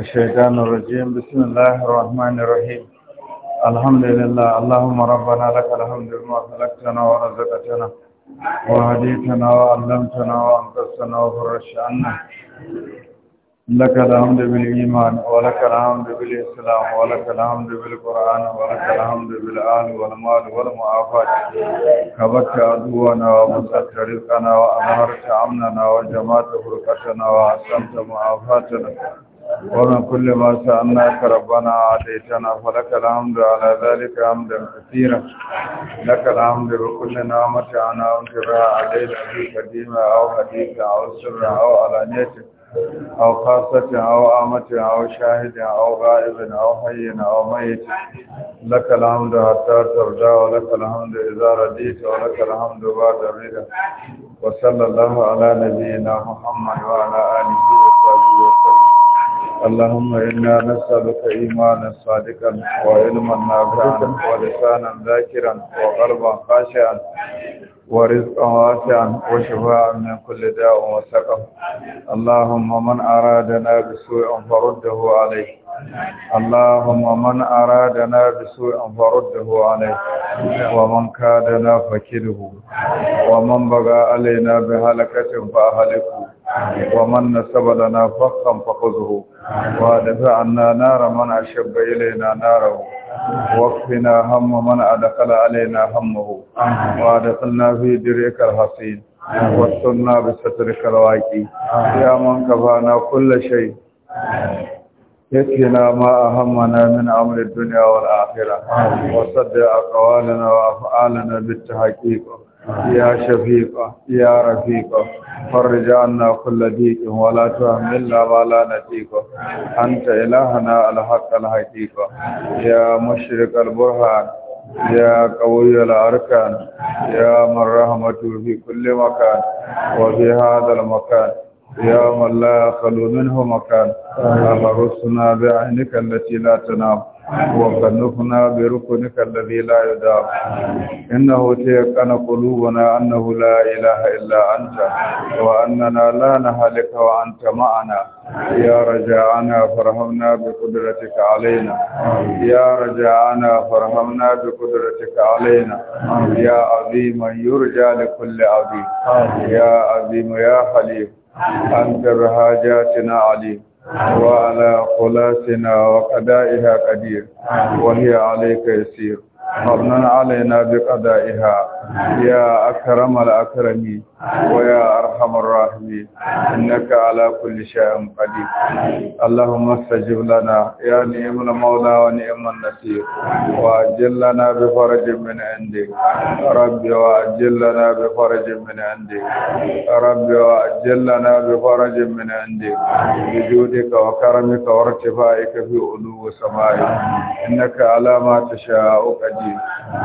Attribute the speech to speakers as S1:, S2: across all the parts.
S1: الشيطان الرجيم بسم الله الرحمن الرحيم الحمد لله اللهم ربنا لك الحمد لما خلقتنا ورزقتنا وهديتنا وعلمتنا وأنقذتنا وفرجت عنا لك الحمد بالإيمان ولك الحمد بالإسلام ولك الحمد بالقرآن ولك الحمد بالآل والمال والمعافاة كبت عدونا وبسطت رزقنا وأظهرت أمننا وجمعت فرقتنا وأحسنت معافاتنا ومن كل ما سألناك ربنا عديتنا فلك الحمد على ذلك حمدا كثيرا لك الحمد بكل نعمة أنعمت بها علينا في قديمة أو حديثة أو سرة أو علانية أو خاصة أو آمة أو شاهد أو غائب أو حي أو ميت لك الحمد حتى ترجع ولك الحمد إذا رديت ولك الحمد بعد الرضا وصلى الله على نبينا محمد وعلى آله وسلم اللهم إنا نسألك إيمانا صادقا وعلما نافعا ولسانا ذاكرا وقلبا خاشعا ورزقا واسعا وشفاء من كل داء وسقم اللهم من أرادنا بسوء فرده عليه اللهم من أرادنا بسوء فرده عليه ومن كادنا فكله ومن بغى علينا بهلكة فأهلكه ومن نسب لنا فقا فخذه وادفع عنا نار من اشب الينا ناره واكفنا هم من ادخل علينا همه وادخلنا في دريك الحصين واسترنا بسترك الواقي يا من كفانا كل شيء يكفينا ما اهمنا من امر الدنيا والاخره وصدق اقوالنا وافعالنا بالتحقيق يا شفيق يا رفيق فرج عنا كل ضيق ولا تهملنا ولا لا نطيق انت الهنا الحق الحقيق يا مشرق البرهان يا قوي الاركان يا من رحمته في كل مكان
S2: وفي هذا المكان يوم
S1: لا يخلو منه مكان أمرسنا بعينك التي لا تنام وكنفنا بركنك الذي لا يدام إنه تيقن قلوبنا أنه لا إله إلا أنت وأننا لا نهلك وأنت معنا يا رجاءنا فرحمنا بقدرتك علينا يا رجاءنا فرحمنا بقدرتك علينا يا عظيم يرجى لكل عظيم يا عظيم يا حليم أنت رهاجاتنا عليم وعلى خلاصنا وقدائها قدير وهي عليك يسير ربنا علينا بقضائها يا أكرم الأكرمين ويا أرحم الراحمين إنك على كل شيء قدير اللهم استجب لنا يا نعم المولى ونعم النصير وأجل لنا بفرج من عندك ربي وأجل لنا بفرج من عندك ربي وأجل لنا بفرج من عندك بجودك وكرمك وارتفاعك في علو سمائك إنك على ما تشاء قدير ji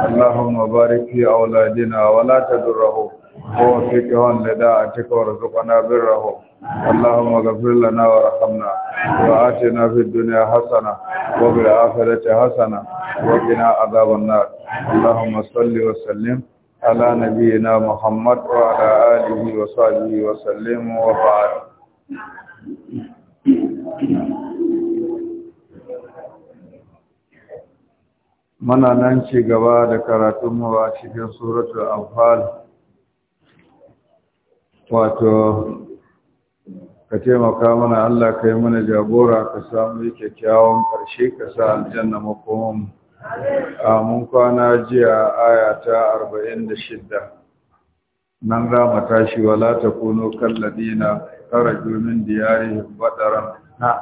S1: Allahumma barik fi auladina wa la tadurruhu
S3: wa fikhon
S1: lada atikor zuqana birruhu Allahumma ghfir lana wa rahamna wa atina fid dunya hasana wa fil akhirati hasana wa qina adhaban nar Allahumma salli wa sallim ala nabiyyina Muhammad wa ala alihi wa sahbihi wa sallim wa ba'd muna nan ci gaba da karatunmu a cikin suratul anfal wato ka taimaka mana Allah kai mana jagora ka samu yi kyakkyawan ƙarshe ka sa aljanna makomin a mun kwana jiya aya ta 46 nan rama tashi wala ta kuno kalladina kharaju domin diyarihim badaran na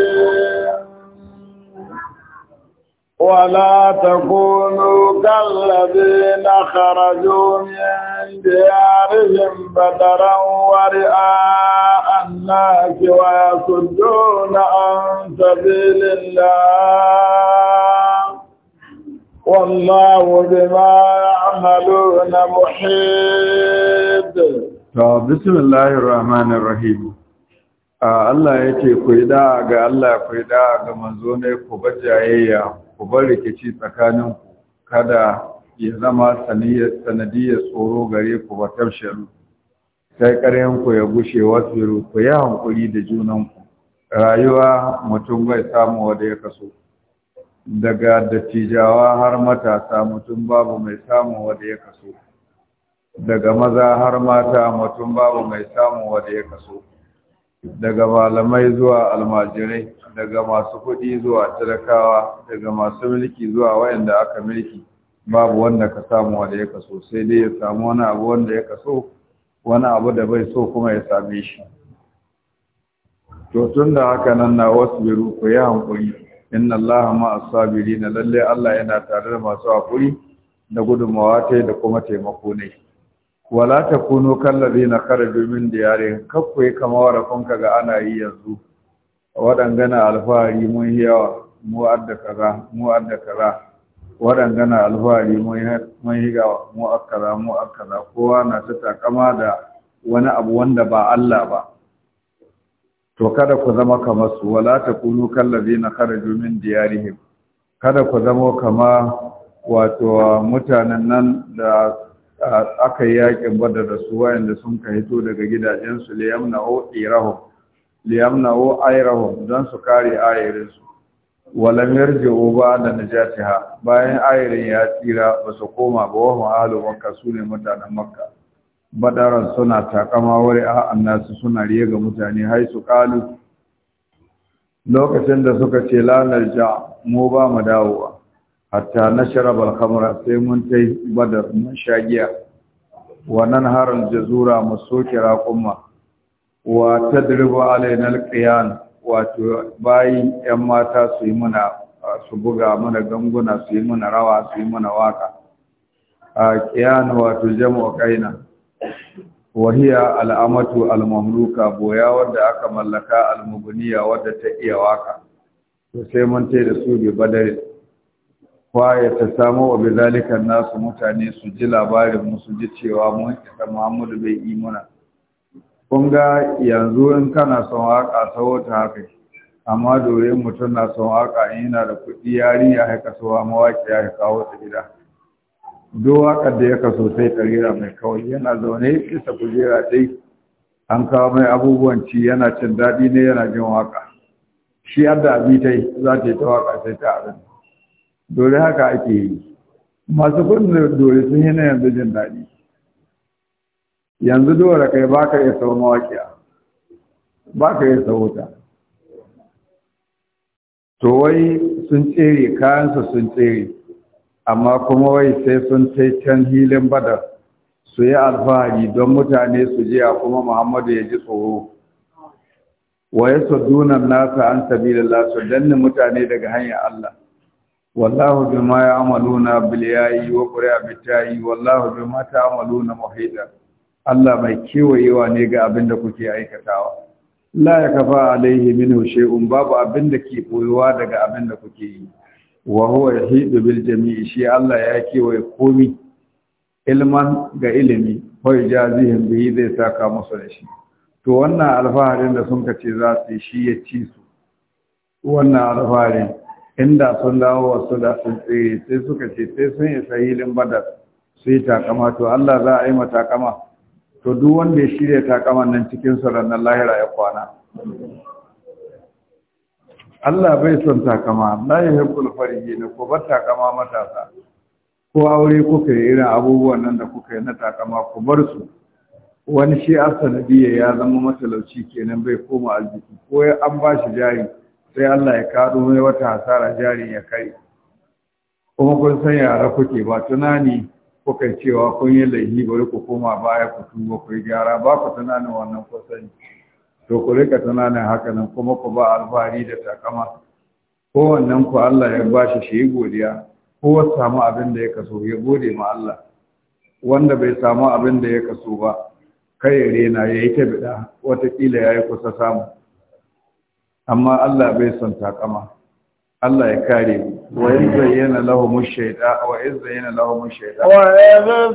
S3: ولا تكونوا كالذين خرجوا من ديارهم بدرا ورئاء الناس ويصدون عن سبيل الله والله بما يعملون محيط
S1: بسم الله الرحمن الرحيم Allah ya ce, Ku yi da'a ga Allah, ku yi da'a ga manzo ne, ku bajayayya, ku bar rikici tsakanin ku kada ya zama sanadiyar tsoro gare ku ba tafshiru sai ku ya gushe wasu ku yi hankuri da junanku rayuwa mutum bai samu wanda ya kaso daga dattijawa har matasa mutum babu mai samu wanda ya kaso daga maza har mata mutum babu mai samu wanda ya kaso daga malamai zuwa almajirai daga masu kuɗi zuwa talakawa daga masu mulki zuwa wayanda aka mulki babu wanda ka samu wanda ya kaso sai dai ya samu wani abu wanda ya kaso wani abu da bai so kuma ya same shi to tun da haka nan na wasu biru ku yi hankuri inna Allah ma asabiri na lalle Allah yana tare da masu hakuri da gudunmawa ta da kuma taimako ne wala takunu kallazina kharaju min diyarihim kakkuyi kama kunka ga ana yi yanzu waɗangana alfahari mun yawa mu adda kaza mu adda kaza waɗangana alfahari mun yawa mu akara mu akara kowa na ta takama da wani abu wanda ba Allah ba to kada ku zama kamar su wala takunu na kharaju min diyarihim kada ku zama kama wato mutanen nan da aka yi yakin bada da su wayanda sun ka hito daga gidajensu liyamna'u irahum liyamna'u ayrahum dan su kare ayarin su da yarji'u da najatiha bayan ayarin ya tsira ba su koma ba wa halu makka sune mutanen makka badaran suna takama wuri a annasu suna riye ga mutane hai su kalu lokacin da suka ce lanar ja mu ba mu dawowa hatta na sharabar kamara sai mun tai badar mun shagiya wannan harin jazura mu soke raƙumma wa tadribu alaina alqiyan wato bayi yan mata su yi muna su buga mana ganguna su yi muna rawa su yi muna waka a qiyan wato jama'u qaina wa hiya al'amatu al-mamluka boya wadda aka mallaka al-mubniya wadda ta iya waka to sai mun tai da su bi badar wa ya samu wa bidalika nasu mutane su ji labarin mu su ji cewa mun isa Muhammadu bai yi muna. kun ga yanzu in kana son waka sawo ta haka amma dore mutum na son waka in yana da kuɗi yari ya haika sawa mawaki ya kawo ta gida duk wakar da ya kaso sai karira mai kawai yana zaune kisa kujera dai an kawo mai abubuwan ci yana cin daɗi ne yana jin waka shi yadda yi za ta yi ta waka sai ta abin dole haka ake yi masu kudin dole sun yi na yanzu jin daɗi yanzu dole kai ba ka iya sau mawaƙiya ba ka iya sau wuta to wai sun tsere kayansu sun tsere amma kuma wai sai sun sai can hilin badar su yi alfahari don mutane su jiya kuma muhammadu ya ji tsoro wa ya dunan nasa an da su danne mutane daga hanyar Allah wallahu ya amalu na biliyayi wa qura yi wallahu amalu na muhaidar. Allah mai kewayewa ne ga abin da kuke aikatawa la ya kafa alaihi minhu shay'un babu abin da ke koyowa daga abin da kuke yi wa huwa yahidu bil jami'i shi Allah ya kewaye komi ilman ga ilimi ja zihin bihi zai saka musu da shi to wannan alfaharin da sun kace za su shi ya ci su wannan alfaharin inda sun dawo wasu da sun tsere sai suka ce sai sun yi sahilin badar sai takama to Allah za a yi matakama to duk wanda ya shirya takaman nan cikin ranar lahira ya kwana Allah bai son takama la yuhibbul ne ko ba takama matasa ko aure kuka yi irin abubuwan nan da kuka yi na takama ku bar su wani shi asanadiya ya zama matalauci kenan bai koma arziki ko an ba shi jari sai Allah ya kaɗo mai wata hasara jari ya kai kuma kun san yara kuke ba tunani kuka cewa kun yi laihi bari ku koma baya ku tuba ku yi gyara ba ku tunanin wannan kusan to ku rika tunanin haka nan kuma ku ba alfahari da takama wannan ku Allah ya bashi shi shi godiya ko samu abin da ya kaso ya gode ma Allah wanda bai samu abin da ya kaso ba kai ya rena ya yi ta bida watakila ya yi kusa samu amma Allah bai son takama Allah ya kare mu وإذ زين لهم الشيطان وإذ
S3: لهم الشيطان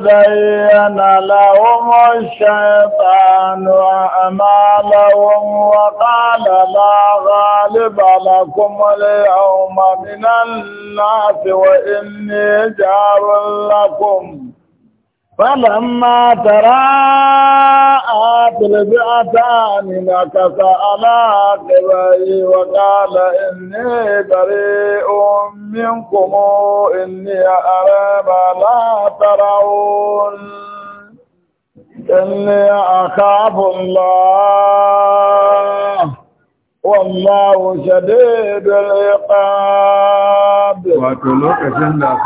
S3: لهم الشيطان وأمالهم وقال لا غالب لكم اليوم من الناس وإني جار لكم فلما آخر بعثان نكس على عقبيه وقال إني بريء منكم إني أرى ما لا ترون إني أخاف الله والله شديد العقاب. وتلوك الحديث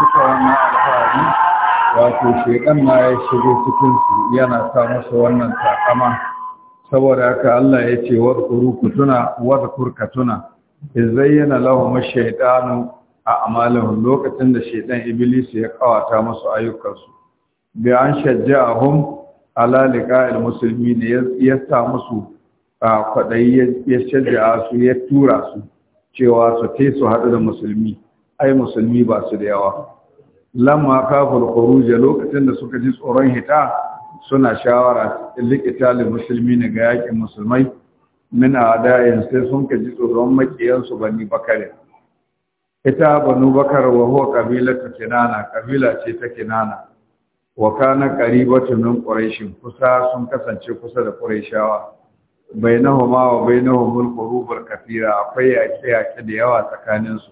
S1: wato shekan ma ya shigo cikinsu yana sa musu wannan takama saboda haka Allah ya ce wa ku tuna wa ka tuna izayyana lahum ash a a'malahum lokacin da shaytan iblis ya kawata musu ayyukansu bi an shajjahum ala liqa'il muslimin ya sa musu kwadai ya shajja'a su ya tura su cewa su su hadu da musulmi ai musulmi ba su da yawa lamma kafar khuruja lokacin da suka ji tsoron hita suna shawara musulmi na ga yakin musulmai min adayin sai sun ka ji tsoron makiyan su bani bakare ita banu bakar wa huwa ta kinana kabila ce ta kinana wa kana qaribatu min quraish kusa sun kasance kusa da quraishawa
S3: bainahuma wa bainahumul
S1: qurubul kafira akwai yake yake da yawa tsakaninsu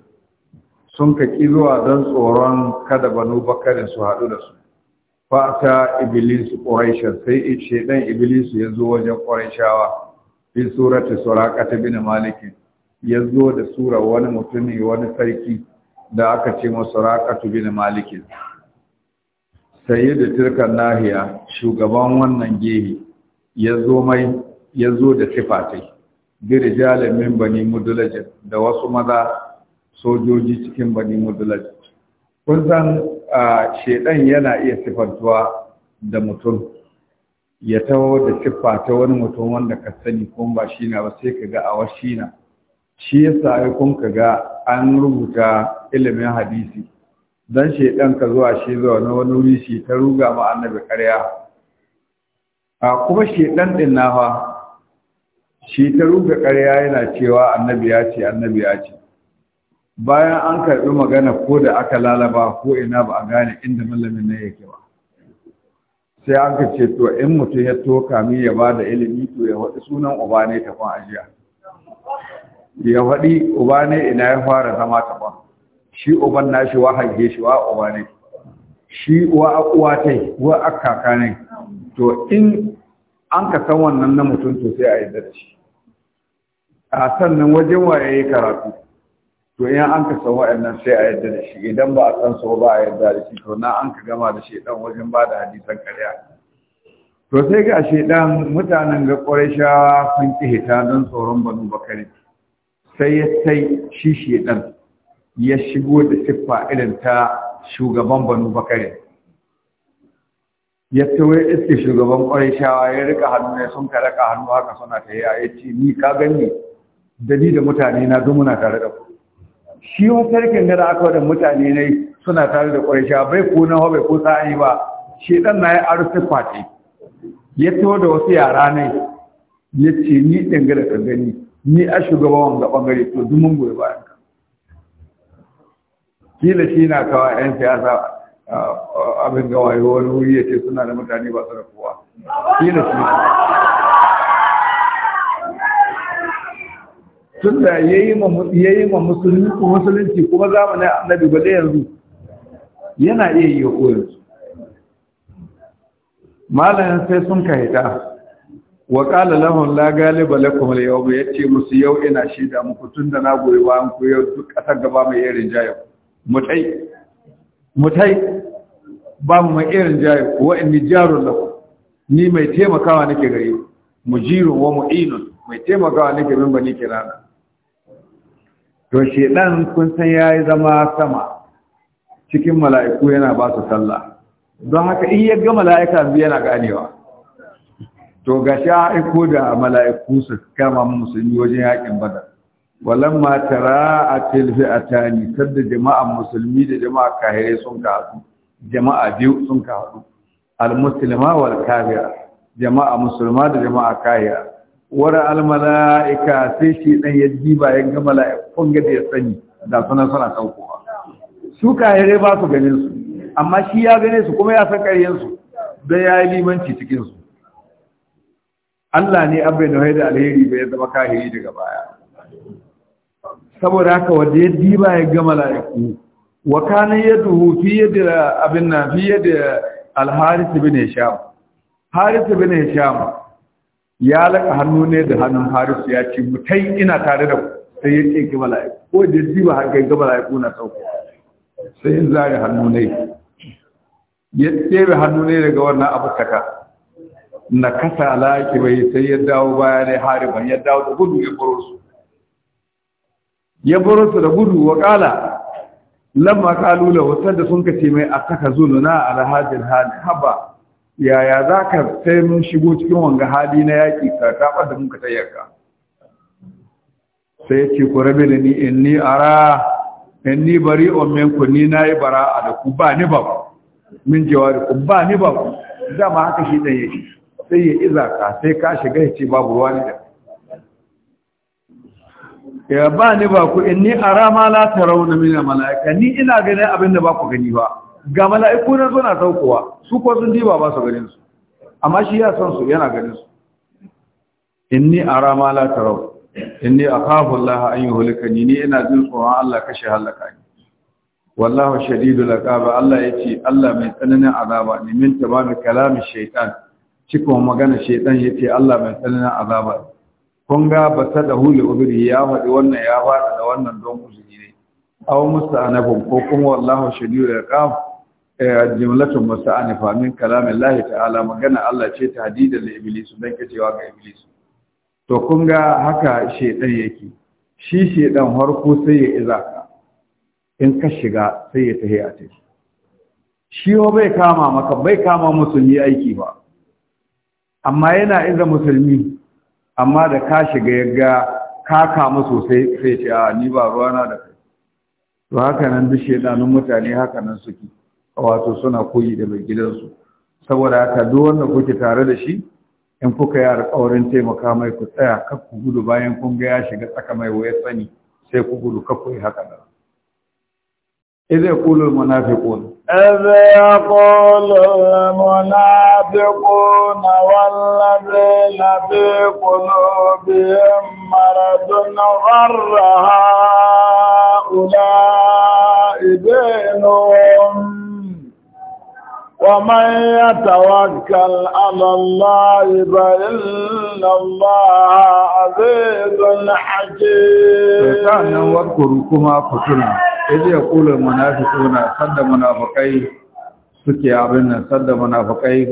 S1: sun kaki zuwa don tsoron kada banu bakarin su haɗu da su fata ibilisu ƙuraishen sai shaidan ibilisu ya zo wajen ƙorashawa fi surati suraka ta bin maliki ya zo da sura wani mutumi wani sarki da aka ce masa suraka ta bin maliki sai da turkan nahiya shugaban wannan gehi ya zo mai ya zo da sifatai bi min bani mudulajin da wasu maza sojoji cikin bani mudulaj kun san shedan yana iya sifantuwa da mutum ya taho da siffa ta wani mutum wanda ka sani kuma ba shi na ba sai ka ga a washi na shi yasa ai kun ka ga an rubuta ilimin hadisi dan shedan ka zuwa shi zuwa na wani wuri shi ta ruga ma annabi ƙarya a kuma shedan din na fa shi ta ruga ƙarya yana cewa annabi ya ce annabi ya ce bayan an karɓi magana ko da aka lalaba ko ina ba a gane inda malamin na yake ba sai ka ce to in mutum ya toka mi ya ba da ilimi to ya faɗi sunan uba ne kwan ajiya ya faɗi uba ne ina ya fara zama ta kwan. shi uban shi wa hange shi wa uba ne shi wa uwa ta wa akaka ne to in an ka san wannan na mutum to sai a yi da shi a sannan wajen waye karatu to in an ka san wa'annan sai a yadda da shi idan ba a san so ba a yadda da shi to na an ka gama da shedan wajen ba da hadisan karya to sai ga shedan mutanen ga quraishawa sun ki hita don tsoron banu bakari sai ya sai shi shedan ya shigo da siffa irin ta shugaban banu bakari ya tawaye iske shugaban shawa ya rika hannu ne sun ka raka hannu haka suna ta yi a ce ni ka gani da ni da mutane na zumuna tare da ku shi wa sarkin da aka wadda mutane ne suna tare da ƙwarisha bai ko na bai ko sa'ani ba shi ɗan na ya arusi kwace ya to da wasu yara ne ya ce ni ɗanga da ka gani ni a shugaban wanga ɓangare to dumin goyi ba ka kila shi na kawa 'yan siyasa abin gawaye wani wuri ya ce suna da mutane ba su da kowa kila shi tun da ya yi ma musulunci kuma zamanin annabi ba da yanzu yana iya yi wa koyarsu malayan sai sun kahita wa ƙala lahun la galiba lakum al-yawm ce musu yau ina shida muku tunda na goyi wa ku yau duk ƙasar gaba mai irin jayo mutai mutai ba mu mai irin jayo wa inni jarun lakum ni mai taimakawa nake gare Mu jiru, wa mu'inun mai taimakawa nake min bani kirana to shedan kun san yayi zama sama cikin mala'iku yana ba su sallah don haka in ya ga mala'ika biyu yana ganewa to ga sha'iko da mala'iku su kama musulmi wajen yakin badar walan ma tara a tilfi a tani sadda jama'a musulmi da jama'a kahirai sun kasu jama'a biyu sun kasu al-musulma wal kafira jama'a musulma da jama'a kahira wara almala'ika sai shi dan ya jiba ya ga mala'ikun gada ya sani da sunan suna saukowa su kahire ba su ganin su amma shi ya gane su kuma ya san ƙaryen su don ya yi limanci cikin su Allah ne abin da haida alheri bai zama kahiri daga baya saboda haka wanda ya ba ya ga mala'iku wa kana yaduhu fi yadi abin na fi yadda al bin hisham harith bin hisham ya laka hannu ne da hannun harisu ya ce mutai ina tare da ku sai ya ce ki mala'iku ko da ji ba har kai ga mala'iku na sauko sai in zare hannu ne ya tsebe hannu ne daga wannan abu taka na kasa laki bai sai ya dawo baya ne ban ya dawo da gudu ya baro su ya baro su da gudu wa kala lamma kalula lahu da sun kace mai saka zuluna ala hadil hal haba yaya za ka sai mun shigo cikin wanga hali na yaƙi ka taɓa da muka ta yaka sai ce ku rabe da ni in ni ara in ni bari on min ku ni na yi bara a da ku ba ni ba ku min jawari ku ba ni ba ku dama haka shi ɗaya shi, sai ya iza ka sai ka shiga ya ce babu ruwa ni da ya ba ni ba ku in ni ara ma la na min mala'ika ni ina ganin abin da ba ku gani ba ga mala'iku nan suna saukowa su kuwa sun diba ba su ganin su amma shi ya san su yana ganin su inni ara ma la tarau inni kafin laha an hulikani ni ina jin tsoron Allah kashe halaka ne wallahu shadidul iqab Allah yace Allah mai tsananin azaba ne min mai kalamin shaitan cikin magana ya yace Allah mai tsananin azaba kun ga ta da huli ubiri ya faɗi wannan ya faɗa da wannan don uzuri ne aw musta'anabun ko kuma wallahu shadidul iqab Eh, jimlatun musta'anifa min kalamin lahi ta'ala magana Allah ce ta hadidan da iblisu don kacewa ga iblisu to kun ga haka shaidan yake shi shaidan harko sai ya iza ka in ka shiga sai ya tahi a tafi shi ho bai kama maka bai kama musulmi aiki ba amma yana iza musulmi amma da ka shiga ya ga ka kama sosai sai ce a ni ba ruwana da kai to haka nan duk shaidanun mutane haka nan suke wato suna koyi da mai gidansu saboda haka duk wanda kuke tare da shi in kuka yi alƙawarin taimaka mai ku tsaya kar ku gudu bayan kun ga ya shiga tsaka mai waya sani sai ku gudu kar ku yi haka nan إذ يقول المنافقون
S3: إذ يقول المنافقون والذين في قلوبهم مرض غر هؤلاء دينهم ومن يتوكل على الله فإن الله عزيز حكيم فكان واذكروا
S1: كما قتلنا إذ يقول المنافقون صد منافقي suke abin nan sadda munafikai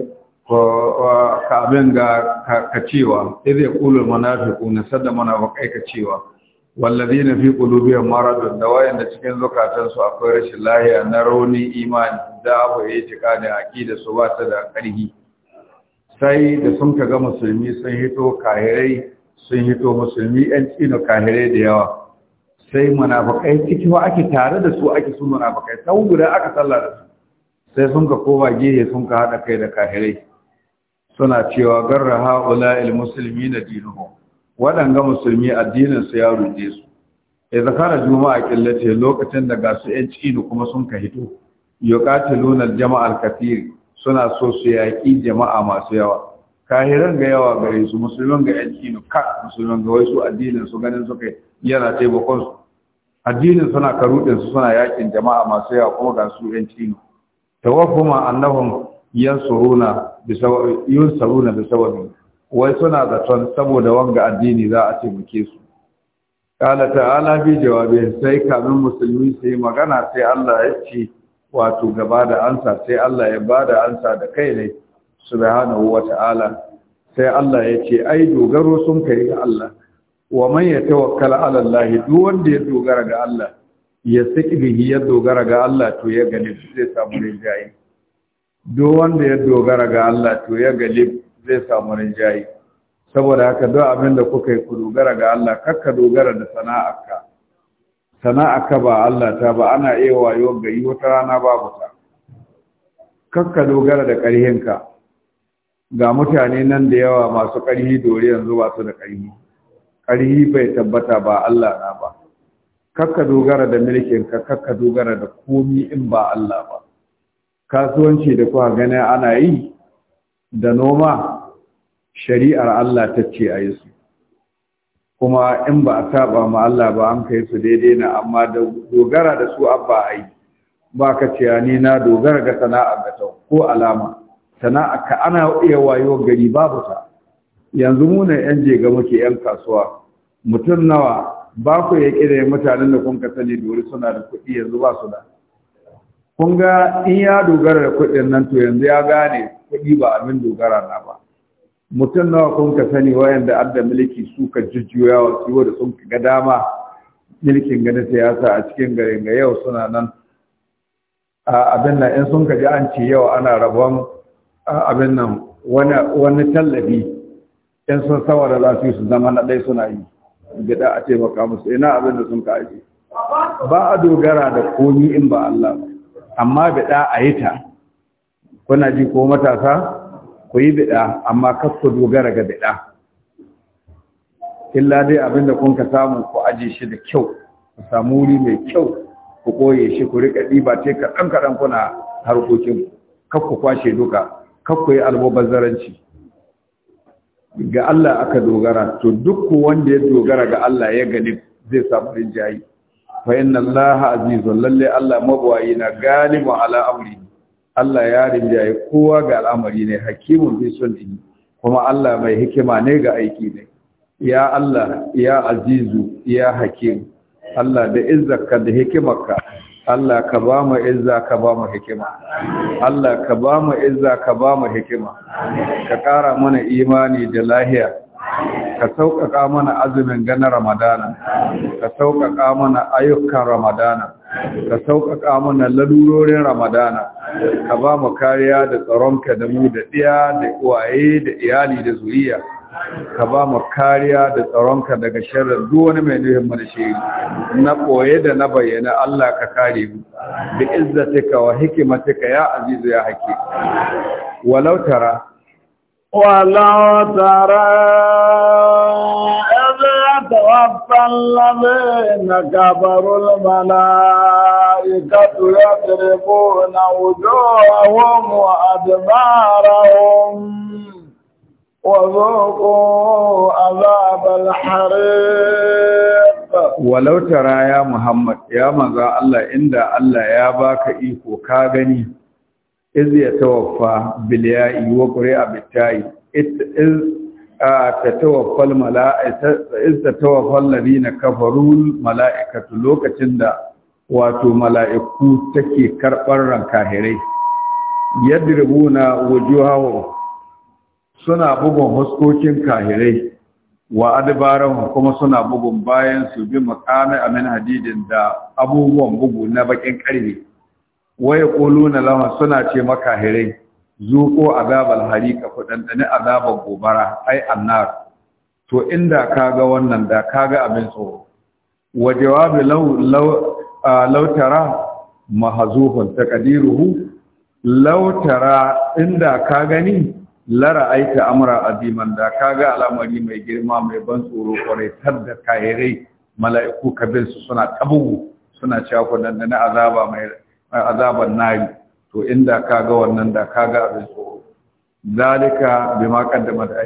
S1: ka abin ga ka cewa idh yaqulu almunafiquna sadda munafiqai ka cewa wallazina fi qulubihim maradun da wayanda cikin zukatansu akwai rashin lahiya na raunin imani da abu ya cika da da su ba ta da ƙarfi sai da sun ka ga musulmi sun hito kahirai sun hito musulmi yan tsino kahirai da yawa sai munafakai ciki wa ake tare da su ake sun munafakai sau guda aka tsalla da su sai sun ka kowa gehe sun ka haɗa kai da kahirai suna cewa garra ha'ula il musulmi na dinuhu waɗanga musulmi addinin su ya ruje su ya zakara juma'a killace lokacin da ga su yan tsino kuma sun ka hito yuqatiluna al al kathir suna so su yaki jama'a masu yawa kahiran ga yawa gare su musulman ga yanki no ka musulman ga wasu addinin su ganin su kai yana taimakon su addinin suna karudin su suna yakin jama'a masu yawa kuma ga su yanki no tawaffuma annahum yansuruna bisababi yunsaruna bisababi wai suna zaton saboda wanga addini za a taimake su قال تعالى في جوابه sai kamin musulmi sai magana sai Allah ya ce wato gaba da ansa sai Allah ya ba da ansa da kai ne subhanahu uWata'ala, sai Allah ya ce ai dogaro sun kai ga Allah wa man tawakkala ala Allah duk wanda ya dogara ga Allah ya saki bihi ya dogara ga Allah to ya gani zai samu rinjaye duk wanda ya dogara ga Allah to ya gani zai samu rinjayi saboda haka duk abin da kuka yi ku dogara ga Allah kakka dogara da sana'arka sana'a ka ba Allah ta ba ana iya wayo gari wata rana babu ta kakka dogara da ƙarhinka ga mutane nan da yawa masu ƙarhi dore yanzu ba su da ƙarhi ƙarhi bai tabbata ba Allah na ba kakka dogara da mulkinka kakka dogara da komi in ba Allah ba kasuwanci da kuka gani ana yi da noma shari'ar Allah ta ce a yi su kuma in ba a saba ma Allah ba an kai su daidai na amma da dogara da su abba a yi ba ka ciya ni na dogara ga sana'a ga tau ko alama sana'a ka ana iya wayo gari babu ta yanzu mu ne yan jega muke yan kasuwa mutum nawa ba ku ya kire mutanen da kun ka sani dole suna da kuɗi yanzu ba su da kun ga in ya dogara da kuɗin nan to yanzu ya gane kuɗi ba abin dogara na ba mutum nawa kun ka sani wayanda adda mulki su ka jujjuya wa kiwo da sun ga dama mulkin gani siyasa a cikin garin ga yau suna nan abin nan in sun ka ji an ce yau ana rabon abin nan wani tallafi in sun sawara za su yi su zama na ɗai suna yi gida a taimaka musu ina abin da sun ka aje ba a dogara da komi in ba Allah amma amma da a yi ta kuna ji ko matasa ku yi bida amma kar dogara ga bida illa dai abinda kun ka samu ku aje shi da kyau ku samu wuri mai kyau ku koye shi ku rika diba ce kaɗan kaɗan kuna harkokin kar ku kwashe duka kar ku yi ga Allah aka dogara to duk wanda ya dogara ga Allah ya gani zai samu rinjayi fa inna Allah azizun lalle Allah mabwayi na galibu ala amri Allah ya rinjaye kowa ga al'amari ne hakimun fi sunni kuma Allah mai hikima ne ga aiki ne ya Allah ya azizu ya hakim Allah da izzarka da hikimarka Allah ka ba mu izza ka ba mu hikima Allah ka ba mu izza ka ba mu hikima ka ƙara mana imani da lahiya ka sauƙaƙa mana azumin ganin ramadana ka sauƙaƙa mana ayyukan ramadana ka sauƙaƙa mana lalurorin ramadana ka ba mu kariya da tsaronka da mu da ɗiya da uwaye da iyali da zuriya ka ba mu kariya da tsaronka daga sharar wani mai nufin marshe na ɓoye da na bayyana Allah ka kare mu da izzatika wa hikimatika ya azizu ya hake walau tara
S3: توفى الذين كفروا الملائكة يضربون وجوههم وأدبارهم وذوقوا عذاب الحريق
S1: ولو ترى يا محمد يا مزا الله إن الله يا باك إيكو كاغني إذ يتوفى بالياء وقرئ بالتاء إذ tatawaffal mala'ikatu iz na ladina kafaru mala'ikatu lokacin da wato mala'iku take karɓar rankahirai yadribuna wujuhahum suna bugun huskokin kahirai wa adbarahum kuma suna bugun bayan su bi maqami amin hadidin da abubuwan bugu na bakin ƙarfe waya quluna lahum suna ce makahirai zuko azabal harika ku dandane azabar gobara ai annar to inda kaga wannan da kaga abin tsoro wa jawabi law law law tara mahzuhun taqdiruhu law tara inda ka gani lara aita amra aziman da kaga al'amari mai girma mai ban tsoro kwarai tadda kayirai mala'iku kabin suna tabugu suna cewa ku dandane azaba mai azaban nari to inda ka ga wannan da ka ga abin so zalika bima qaddama da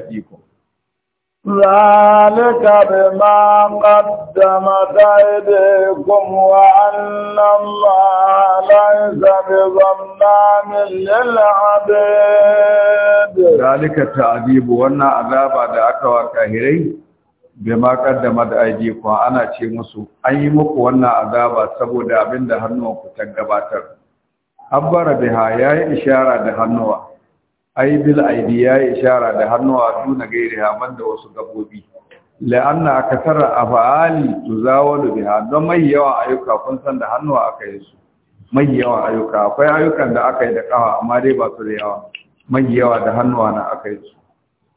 S3: zalika bima qaddama taidikum wa anna allaha laysa bizammamin lil abid
S1: zalika ta'dib wannan azaba da aka wa kahirai bima qaddama da ana ce musu an yi muku wannan azaba saboda abinda hannuwanku ta gabatar abbara biha yayi ishara da hannuwa ai bil aidi yayi ishara da hannuwa tuna gairiha banda wasu gabobi la'anna akthara afali tuzawalu biha don mai yawa ayyuka kun san da hannuwa aka yi su mai yawa ayyuka akwai ayyukan da aka yi da kafa amma dai ba su da yawa mai yawa da hannuwa na aka yi su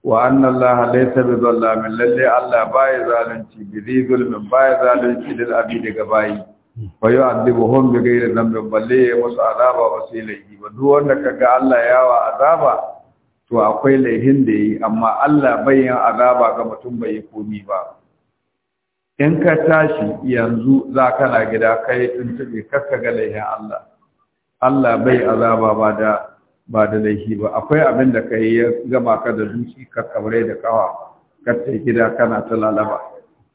S1: wa anna Allah laysa bi lalle Allah baya zalunci bi zulmin baya zalunci lil abidi daga bayi
S3: fa yu'adibuhum
S1: bi ghairi dhanbin balle ya musu azaba ba sai laifi ba duk wanda kaga Allah yawa azaba to akwai laihin da yi amma Allah bai yin azaba ga mutum bai komi ba in ka tashi yanzu za kana gida kai tuntube kaka ga laihin Allah Allah bai azaba ba da ba da laifi ba akwai abin da kai ya gama ka da zuci ka kabare da kawa ka gida kana ta lalaba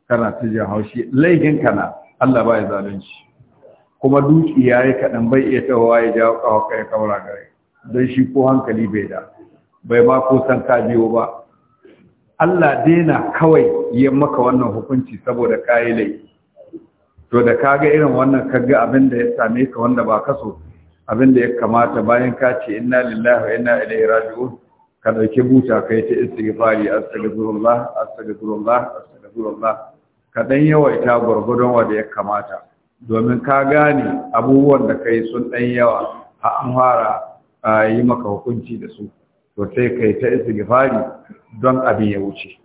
S1: kana ta jin haushi laifin kana Allah ba ya zalunci kuma duki ya yi kaɗan bai iya tawa ya jawo kawo kai kawara gare don shi ko hankali bai da bai ba ko san ka biyo ba Allah daina kawai yi maka wannan hukunci saboda kayi laifi to da ka ga irin wannan kaga abin da ya same ka wanda ba ka so abin da ya kamata bayan ka ce inna lillahi wa inna ilaihi raji'un ka dauke buta kai ta istighfari astaghfirullah astaghfirullah astaghfirullah ka ɗan yawaita gwargwadon wanda ya kamata domin ka gane abubuwan da kai sun ɗan yawa a an fara yi maka hukunci da su to sai kai ta gifari don abin ya wuce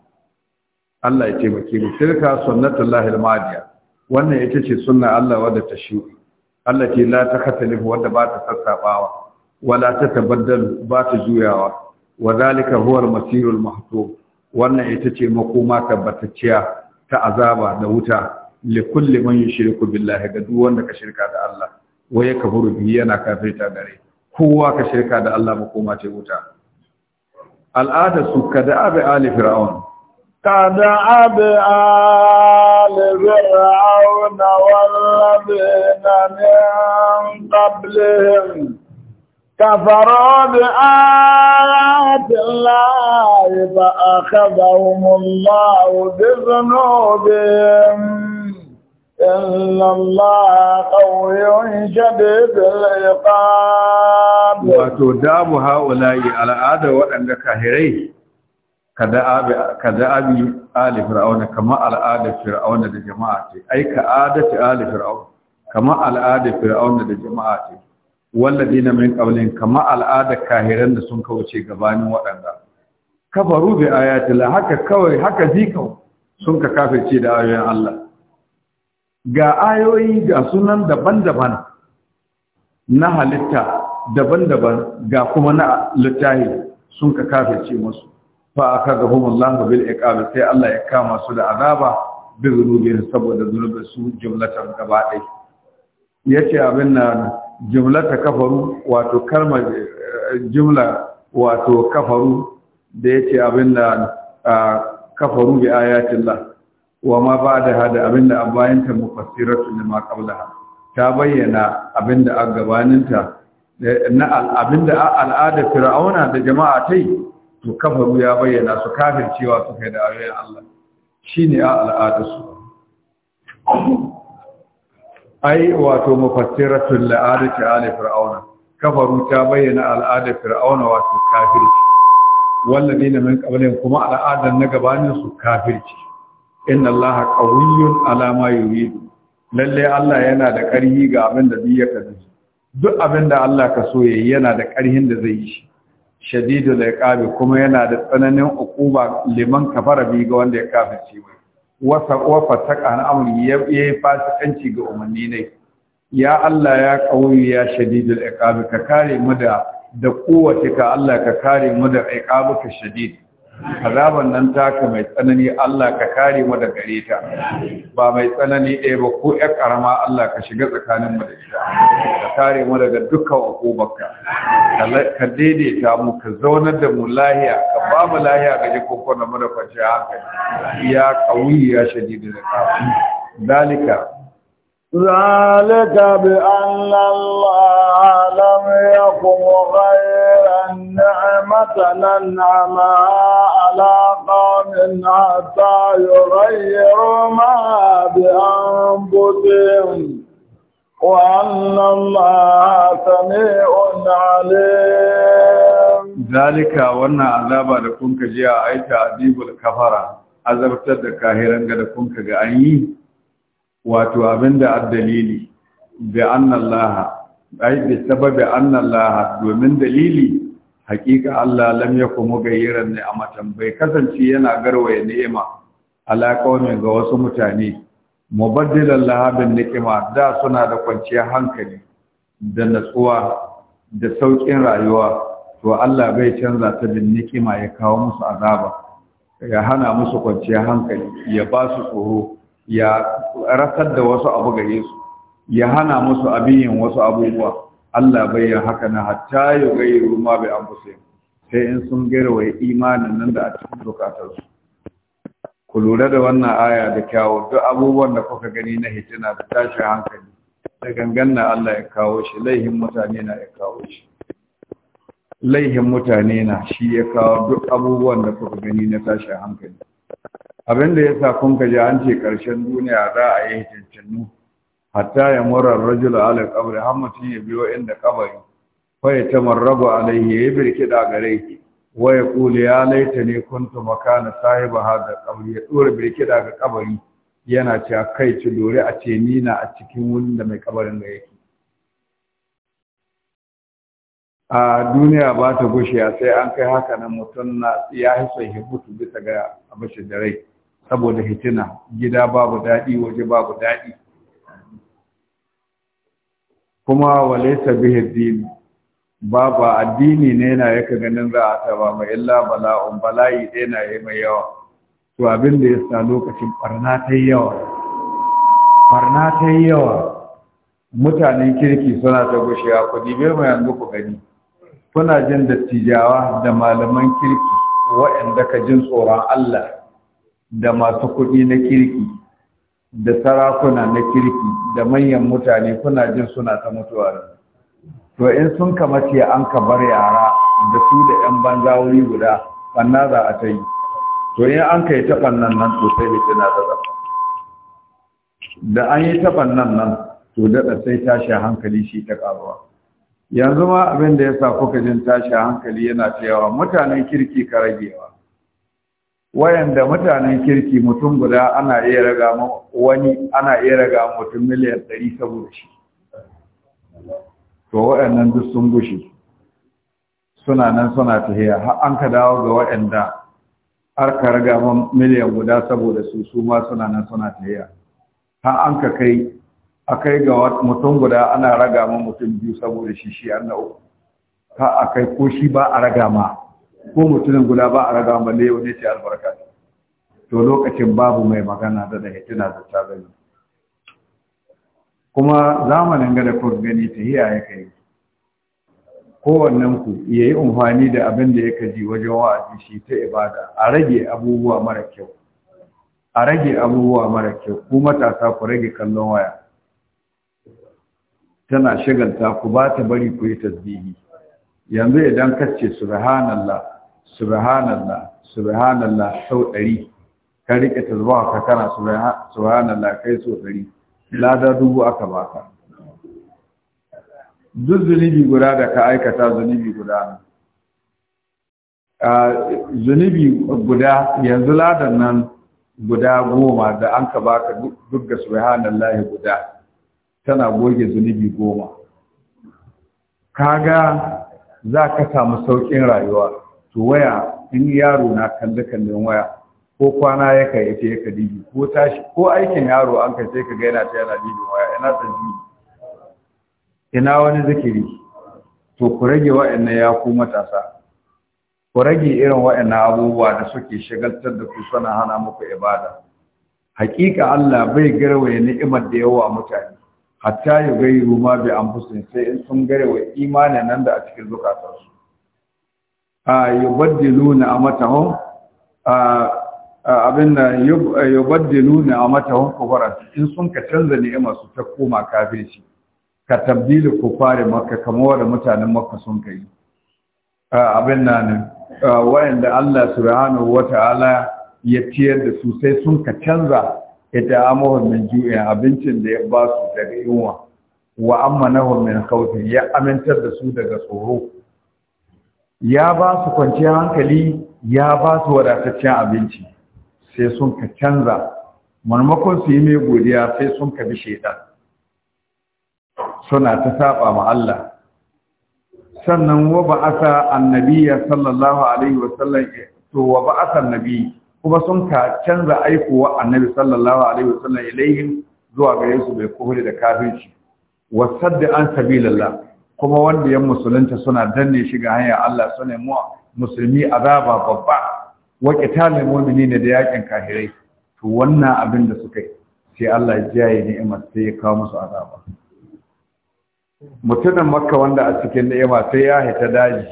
S1: Allah ya taimake mu tilka sunnatullahi lahil madiya wannan ita ce sunna Allah wadda ta shi Allah ce la ta nufi wadda ba ta sassaɓawa wala ta tabbatar ba ta juyawa wa zalika huwa al-masirul mahtum wannan ita ce makoma tabbatacciya ta azaba da wuta li kulli man yushriku billahi ga duk wanda ka shirka da Allah wa ya kafuru bi yana kafirta gare kowa ka shirka da Allah ba koma ce wuta al'ada su kada abi ali fir'aun
S3: kada abi ali fir'aun wal ladina min qablihim كفروا بآيات الله فأخذهم الله بذنوبهم إن الله قوي شديد العقاب
S1: وتداب هؤلاء على عادة وأن كذا أبي آل فرعون كما على عادة فرعون لجماعته أي كعادة آل فرعون كما على عادة فرعون لجماعته walladina min ƙaunin kama al'adar kahiran da sun kauce gabanin waɗanda kafa bi ayati la haka kawai haka zikau sun ka kafirce da ayoyin Allah ga ayoyi ga sunan daban-daban na halitta daban-daban ga kuma na littahi sun ka kafirce musu fa akadahumullahu bil iqab sai Allah ya kama su da azaba bin zunubihim saboda zunubin su jimlatar gaba Ya ce abin na jumlata kafaru wato kalmar eh, jumla wato kafaru da yace abinda kafaru bi ayatillah wa ma ba da abinda abayanta mufassiratu ma qablaha ta bayyana abinda a gabaninta na abinda al'ada fir'auna da jama'a tai to kafaru ya bayyana su kafircewa su kai da ayoyin Allah shine al'ada su ai wato mufassiratul la'adati ali fir'auna kafaru ta bayyana al'adar fir'auna wato kafirci walladina min qablihim kuma al'adar na gabanin su kafirci inna allaha qawiyyun ala ma yuridu lalle Allah yana da ƙarhi ga abin da duk ya kasu duk abin da Allah ka so yayi yana da ƙarhin da zai yi shi
S3: shadidul iqabi kuma yana da tsananin uquba liman kafara bi ga wanda ya kafirci mai wasa kofa ta ya yi fasikanci
S1: ga umarni ne ya Allah ya kauyi ya shadidul iqab ka kare mu da da kowace ka Allah ka kare mu da iqabuka shadid azaban nan taka mai tsanani Allah ka kare mu da gare ba mai tsanani ɗaya ba ko 'yar karama Allah ka shiga tsakanin mu da ita ka kare mu daga dukkan hukumarka ka daidaita mu ka zaunar da mu lahiya ka ba mu lahiya ga jikokon mu da kwanciyar hankali ya kawuyi ya shadidu da kafin dalika bi بأن
S3: Allah lam yakum غير نعمتنا نعما على قوم حتى يغيروا ما بأنفسهم وأن الله سميع عليم
S1: ذلك وأن عذاب لكم كجاء أي تعذيب الكفرة azabtar da kahiran ga da kunka ga an yi wato abinda addalili bi annallaha ai bi sababi annallaha domin dalili hakika Allah lam yaku mugayyiran ni'amatan bai kasance yana garwaye ni'ima ala qaumin ga wasu mutane mubaddilan lahabin ni'ima da suna da kwanciyar hankali da natsuwa da saukin rayuwa to Allah bai canza ta bin ni'ima ya kawo musu azaba ya hana musu kwanciyar hankali ya ba su tsoro ya rasar da wasu abu gare su ya hana musu abin wasu abubuwa Allah bai ya haka na hatta yi gairu ruma bai an fusayin sai in sun gairawa imanin nan da a cikin zukatarsu ku lura da wannan aya da kyawu duk abubuwan da kuka gani na hitina da tashin hankali da gangan na Allah ya kawo shi laihin mutane na ya kawo shi laihin mutane na shi ya kawo duk abubuwan da kuka gani na tashin hankali abin da ya sa kun ka ji an ce ƙarshen duniya za a yi hitincinnu hatta ya murar rajul ala kabri har mutum ya biyo inda kabari fa ya raba alayhi ya birkida gare shi wa ya ya laita ne kuntu makana sahiba hada kabri ya dora birkida ga kabari yana cewa kai ci dore a ce ni na a cikin wurin da mai kabarin da yake a duniya ba ta gushiya sai an kai haka nan mutum na ya hisa hibutu bisa ga abashi da rai saboda hitina gida babu daɗi waje babu daɗi kuma walaysa bihi din babu addini ne yana yaka ganin za a taba mai illa bala'un bala'i ɗaya na yi mai yawa to abin da ya sa lokacin barna ta yi yawa barna ta yi yawa mutanen kirki suna ta a ku bai mai yanzu ku gani kuna jin dattijawa da malaman kirki waɗanda ka jin tsoron Allah da masu kuɗi na kirki da sarakuna na kirki da manyan mutane kuna jin suna ta mutuwa to in sun kamace an ka bar yara da su da yan banza wuri guda banna za a ta yi to in an ka yi ta bannan nan to sai da da an yi ta nan to daɗa sai tashi hankali shi ta ƙaruwa yanzu ma abin da ya sa kuka jin tashi hankali yana cewa mutanen kirki ka ragewa wayanda mutanen kirki mutum guda ana iya raga wani ana iya raga mutum miliyan ɗari saboda shi to wayannan duk sun gushi suna nan suna tahiya har an ka dawo ga wayanda har ka raga miliyan guda saboda su su ma suna nan suna tahiya har an ka kai a kai ga mutum guda ana raga ma mutum biyu saboda shi shi an na uku har a kai ko shi ba a raga ma ko mutumin guda ba a raga balle wani ce albarka to lokacin babu mai magana da da hitina da tsagani kuma zamanin ga da gani ta hiya ya kai kowannen ku ya yi umfani da abin da ya ji wajen wa'azi shi ta ibada a rage abubuwa mara kyau a rage abubuwa mara kyau ku matasa ku rage kallon waya tana shagalta ku ba ta bari ku yi tasbihi yanzu idan kace subhanallah subhanallah subhanallah sau ɗari ka ta zuwa ka kana subhanallah kai sau ɗari lada dubu aka baka duk zunubi guda da ka aikata zunubi guda zunubi guda yanzu ladan nan guda goma da an ka baka duk ga subhanallah guda tana goge zunubi goma kaga za ka samu sauƙin rayuwa to waya in yaro na kalle kallon waya ko kwana ya kai ita ya kadibi ko tashi ko aikin yaro an kai sai ka ga yana ta yana dibin waya ina tasbihi ina wani zikiri to ku rage wa'annan ya ku matasa ku rage irin wa'annan abubuwa da suke shagaltar da ku suna hana muku ibada hakika Allah bai garwaye ni'imar da yawa mutane hatta ya gairu ma bi anfusin sai in sun garwaye imanin nan da a cikin zukatarsu yubaddiluna amatahum abin da yubaddiluna amatahum kufara in sun ka canza ni'ima su ta koma kafirci ka tabdilu kufari maka kamar da mutanen maka sun kai abin nan wayanda Allah subhanahu wata'ala ya tiyar da su sai sun ka canza ita amuhun min ju'in abincin da ya ba su daga yunwa wa ammanahum min khawfi ya amintar da su daga tsoro ya ba su kwanciyar hankali ya ba su wadataccen abinci sai sun ka canza marmakon su yi mai godiya sai sun ka bi shaidan suna ta saba ma Allah sannan wa ba'asa annabiya sallallahu alaihi wa sallam to wa ba'asa annabi kuma sun ka canza aikowa annabi sallallahu alaihi wa sallam ilaihim zuwa gare su bai kuhuri da kafirci wa sadda an sabilillah kuma wanda ya musulunta suna danne shi ga hanyar Allah suna mu musulmi azaba babba wa qitalul mu'minina da yakin kafirai to wannan abin da suka yi sai Allah ya jaye ni'imar sai ya kawo musu azaba mutumin makka wanda a cikin ni'ima sai ya hita daji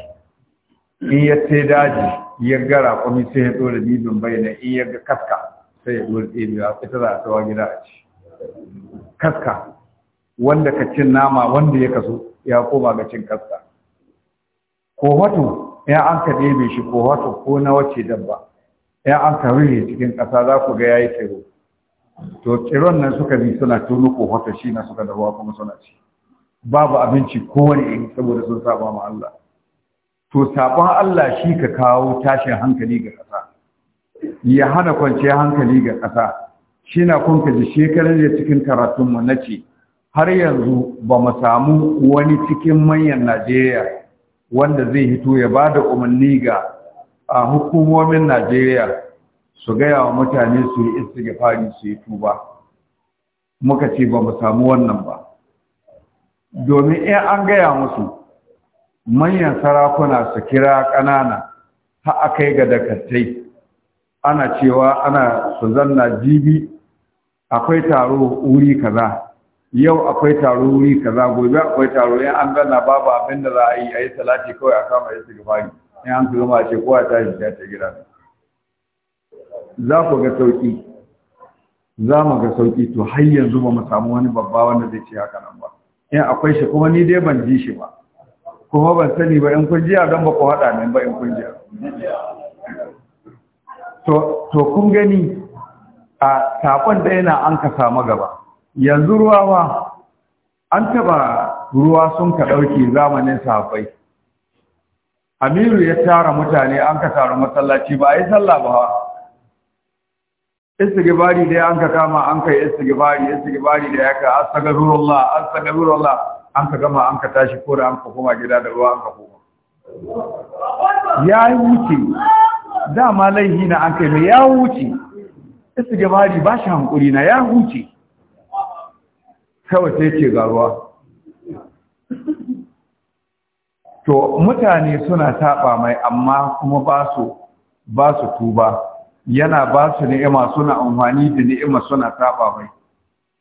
S1: in ya ce daji ya gara raƙumi sai ya dora bibin bayyana in ya ga kaska sai ya dora ɗebewa ita za a tawa gida a ci kaska wanda ka cin nama wanda ya kaso ya koma ga cin kasa kohoto ya an ka ɗebe shi kohoto ko na wace dabba ya an ka rufe cikin ƙasa za ku ga yayi tsiro to tsiron nan suka bi suna tono kohoto shi na suka dawowa kuma suna ci babu abinci kowane iri saboda sun saba ma Allah to sabon Allah shi ka kawo tashin hankali ga ƙasa ya hana kwanciyar hankali ga ƙasa shi na kunka ji shekarar da cikin karatunmu na ce har yanzu ba mu samu wani cikin manyan najeriya wanda zai hito ya ba da umarni ga a hukumomin najeriya su gaya wa mutane su yi istighfari su yi tuba muka ce ba mu samu wannan ba domin in an gaya musu manyan sarakuna su kira ƙanana har a kai ga dakatai ana cewa ana su zanna jibi akwai taro wuri kaza yau akwai taro wuri kaza gobe akwai taro yan an gana babu abin da za a yi a yi salati kawai a kama yasu gabari in an gama ce kowa ta shi ta gida za ku ga sauki za mu ga sauki to har yanzu ba mu samu wani babba wanda zai ce haka nan ba in akwai shi kuma ni dai ban ji shi ba kuma ban sani ba in kun jiya don ba ku haɗa nan ba in kun jiya to kun gani a sakon da yana an ka samu gaba yanzu ruwawa an taba ruwa sun ka ɗauki zamanin safai amiru ya tara mutane an ka taru masallaci ba a yi sallah ba istighfari dai an ka kama an kai istighfari istighfari da yaka astaghfirullah astaghfirullah an ka gama an ka tashi ko da an ka koma gida da ruwa an ka koma ya wuce dama laihi na an kai mai ya wuce istighfari ba shi hankuri na ya wuce kawai sai ce ga to mutane suna taɓa mai amma kuma ba su ba su tuba yana ba su ni'ima suna amfani da ni'ima suna saba mai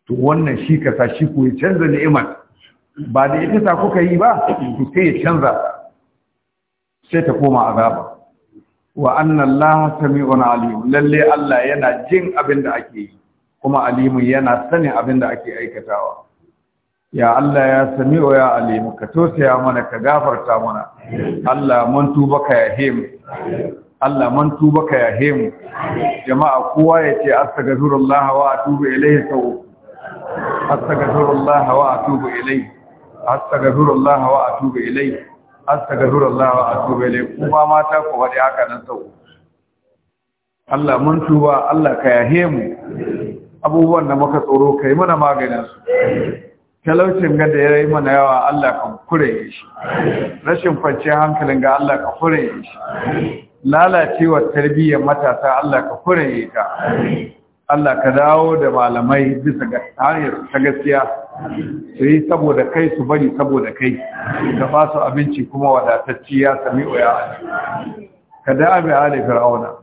S1: to wannan shi ka sa shi ko ya canza ni'imar ba da ita ta kuka yi ba to sai ya canza sai ta koma azaba wa annan sami'un alim lalle Allah yana jin abin da ake yi kuma alimu yana sanin abin da ake aikatawa ya Allah ya sami wa ya alimu ka tosaya mana ka gafarta mana Allah mun tuba ka yahe mu Allah mun tuba ka yahe mu jama'a kowa ya ce astaghfirullah wa atubu ilayhi sau astaghfirullah wa atubu ilayhi astaghfirullah wa atubu ilayhi astaghfirullah wa atubu ilayhi kuma mata ku wadi haka nan sau Allah mun tuba Allah ka yahe mu abubuwan da muka tsoro ka yi mana maganinsu. talaucin ga da ya yi mana yawa Allah kan kure shi rashin kwanciyar hankalin ga Allah ka kure shi lalacewar tarbiyyar matasa Allah ka kure ka. Allah ka dawo da malamai bisa ga hanyar ta gaskiya su yi saboda kai su bari saboda kai ka ba abinci kuma wadatacci ya sami oya ka da abin ali fir'auna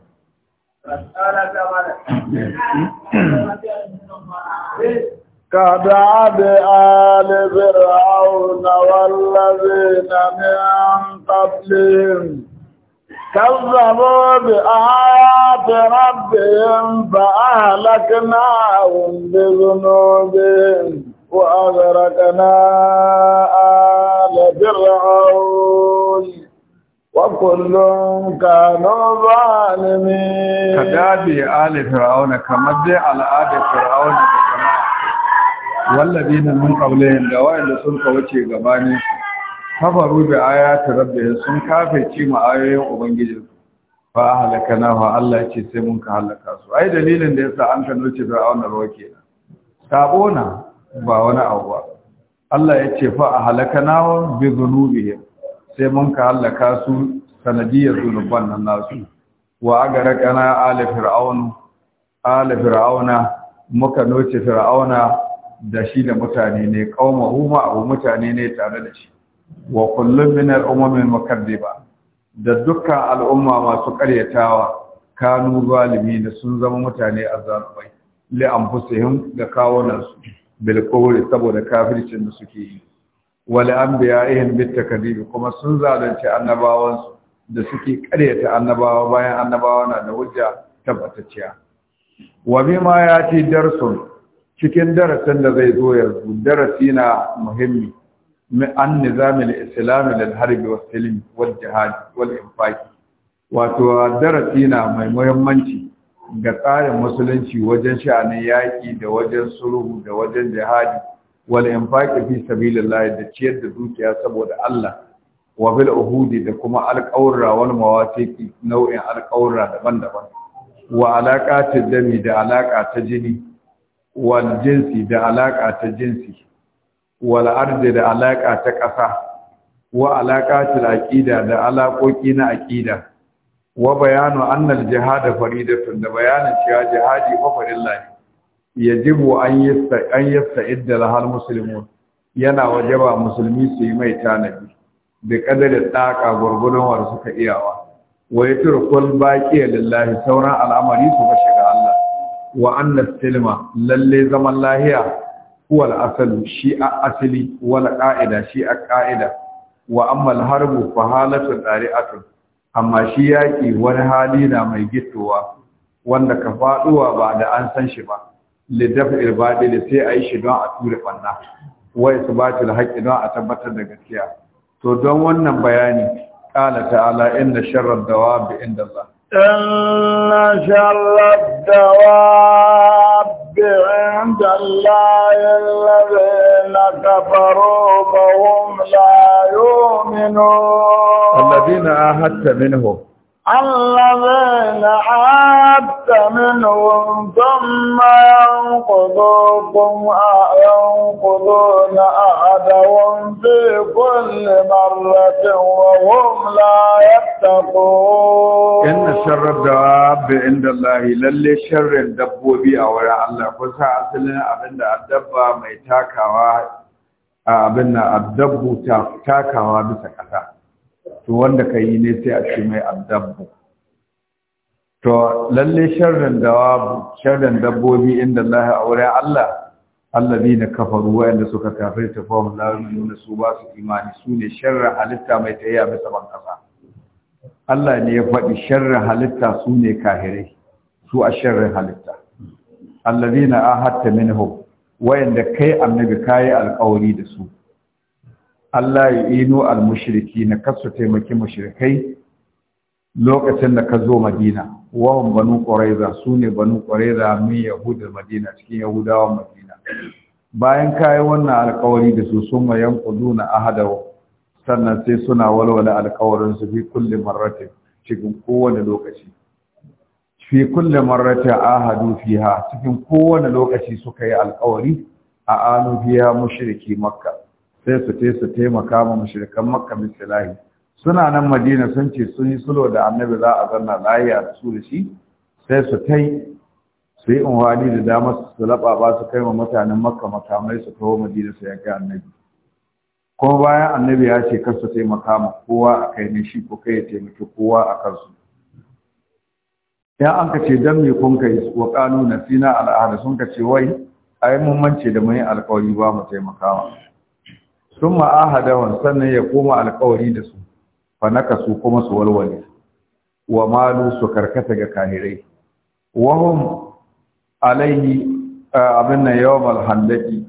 S3: كدعب آل فرعون والذين من قبلهم كذبوا بآيات ربهم فأهلكناهم بذنوبهم وأغرقنا آل فرعون وكل كانوا ظالمين كدابي آل فرعون
S1: كمدي على آل فرعون والذين من قبلهم دوائل سنك وجه غباني kafaru bi ayati rabbihim sun kafirci mu ayoyin ubangiji fa halakanahu Allah ce sai mun ka halaka su ai dalilin da yasa an kano ce fir'auna ruwa kenan sabo na ba wani abu Allah ya ce fa halakanahu bi dhunubihim sai mun ka hallaka su sanadiyar zunuban nan nasu wa agara kana ala fir'aun ala fir'auna muka noce fir'auna da shi da mutane ne kauma huma abu mutane ne tare da shi wa kullum min al'ummin mukaddiba da dukkan al'umma masu karyatawa kanu zalimi da sun zama mutane azzalumai li anfusihim da kawunan su bil saboda kafircin da suke yi an wal anbiya'ihim bitakdib kuma sun zalunci annabawansu da suke karyata annabawa bayan annabawa na da hujja tabbatacciya wa bima ci darsun cikin darasin da zai zo yanzu darasi na muhimmi min an da islami da harbi wa silim wal jihad wal infaki wato darasi na mai muhimmanci ga tsarin musulunci wajen sha'anin yaƙi da wajen sulhu da wajen jihadi wal infaqi fi sabilillah da ciyar da dukiya saboda Allah wa bil uhudi da kuma alƙawra wal mawatiki nau'in alƙawra daban-daban wa alaqatid dami da alaƙa ta jini wal jinsi da alaƙa ta jinsi Wa ardi da alaƙa ta ƙasa wa alaqatil aqida da alaƙoƙi na aƙida wa bayanu annal jihad faridatun da bayanin cewa jihadi fa farilla yajibu an yasta iddala har idda lahal muslimun yana wajaba musulmi su yi mai tanadi da kadarin ɗaka gurgurun suka iyawa wa baƙi baqiya lillahi sauran al'amari su ga shiga Allah wa anna silma lalle zaman lahiya huwa asalu shi a asli wal ƙa'ida shi a ƙa'ida. wa amma al-harbu fa halatu dari'atun amma shi yaƙi wani hali na mai gittowa wanda ka faɗuwa ba da an san shi ba لدفع الباطل sai اي شي دون don فنا tura ɓanna الحق دون sabata da haƙƙi don gaskiya to don wannan bayani qala ta'ala inna sharra dawab inda Allah
S3: inna sharra dawab inda Allah alladhina kafaru kafaro hum la yu'minun
S1: alladhina ahadta minhum الذين
S3: عادت منهم ثم ينقضوكم ينقضون أحدهم في كل مرة وهم لا
S1: يتقون إن شر الدواب عند الله للي شر الدبوبي أولا الله فسا أصلنا أبن الدبا ميتاكا وابن الدبو تاكا وابن سكتا to wanda ka yi ne sai a ce mai addabbu to lalle sharrin dawabu sharrin dabbobi inda Allah a wurin Allah na kafaru wa'anda suka kafirta fa hum la yu'minuna su ba su imani su ne sharrin halitta mai tayya bisa ban kasa Allah ne ya faɗi sharrin halitta su ne kahirai su a sharrin halitta na ahatta ho. wa'anda kai annabi kai alƙawari da su Allah ya ino al-mushriki na kasu taimaki mushrikai lokacin da ka zo Madina wawan banu Quraiza su ne banu Quraiza min Yahuda Madina cikin Yahudawa Madina bayan kayan wannan alƙawari da su sun mayan quduna ahadahu sannan sai suna walwala alƙawarin su fi kulli marrati cikin kowane lokaci fi kulli marrati ahadu fiha cikin kowane lokaci suka yi alƙawari a anu fiha mushriki Makka sai su te su taimaka ma mashirikan makka bisilahi suna nan madina sun ce sun yi sulo da annabi za a zanna layi da su da shi sai su tai su yi unwani da dama su laɓa ba su kai ma mutanen makka makamai su kawo madina su yanka annabi kuma bayan annabi ya ce kar su taimaka ma kowa a kai ne shi ko kai ya taimaki kowa a kansu ya an ka ce dan me kun kai wa kanu na sina al'ada sun ka ce wai ai mun mance da mun yi alƙawari ba mu taimaka ma sun ma'ahadawan sannan ya koma alkawari da su naka su kuma su walwale wa malu su karkata ga kahirai wahum alaihi abin nan yawmal handaki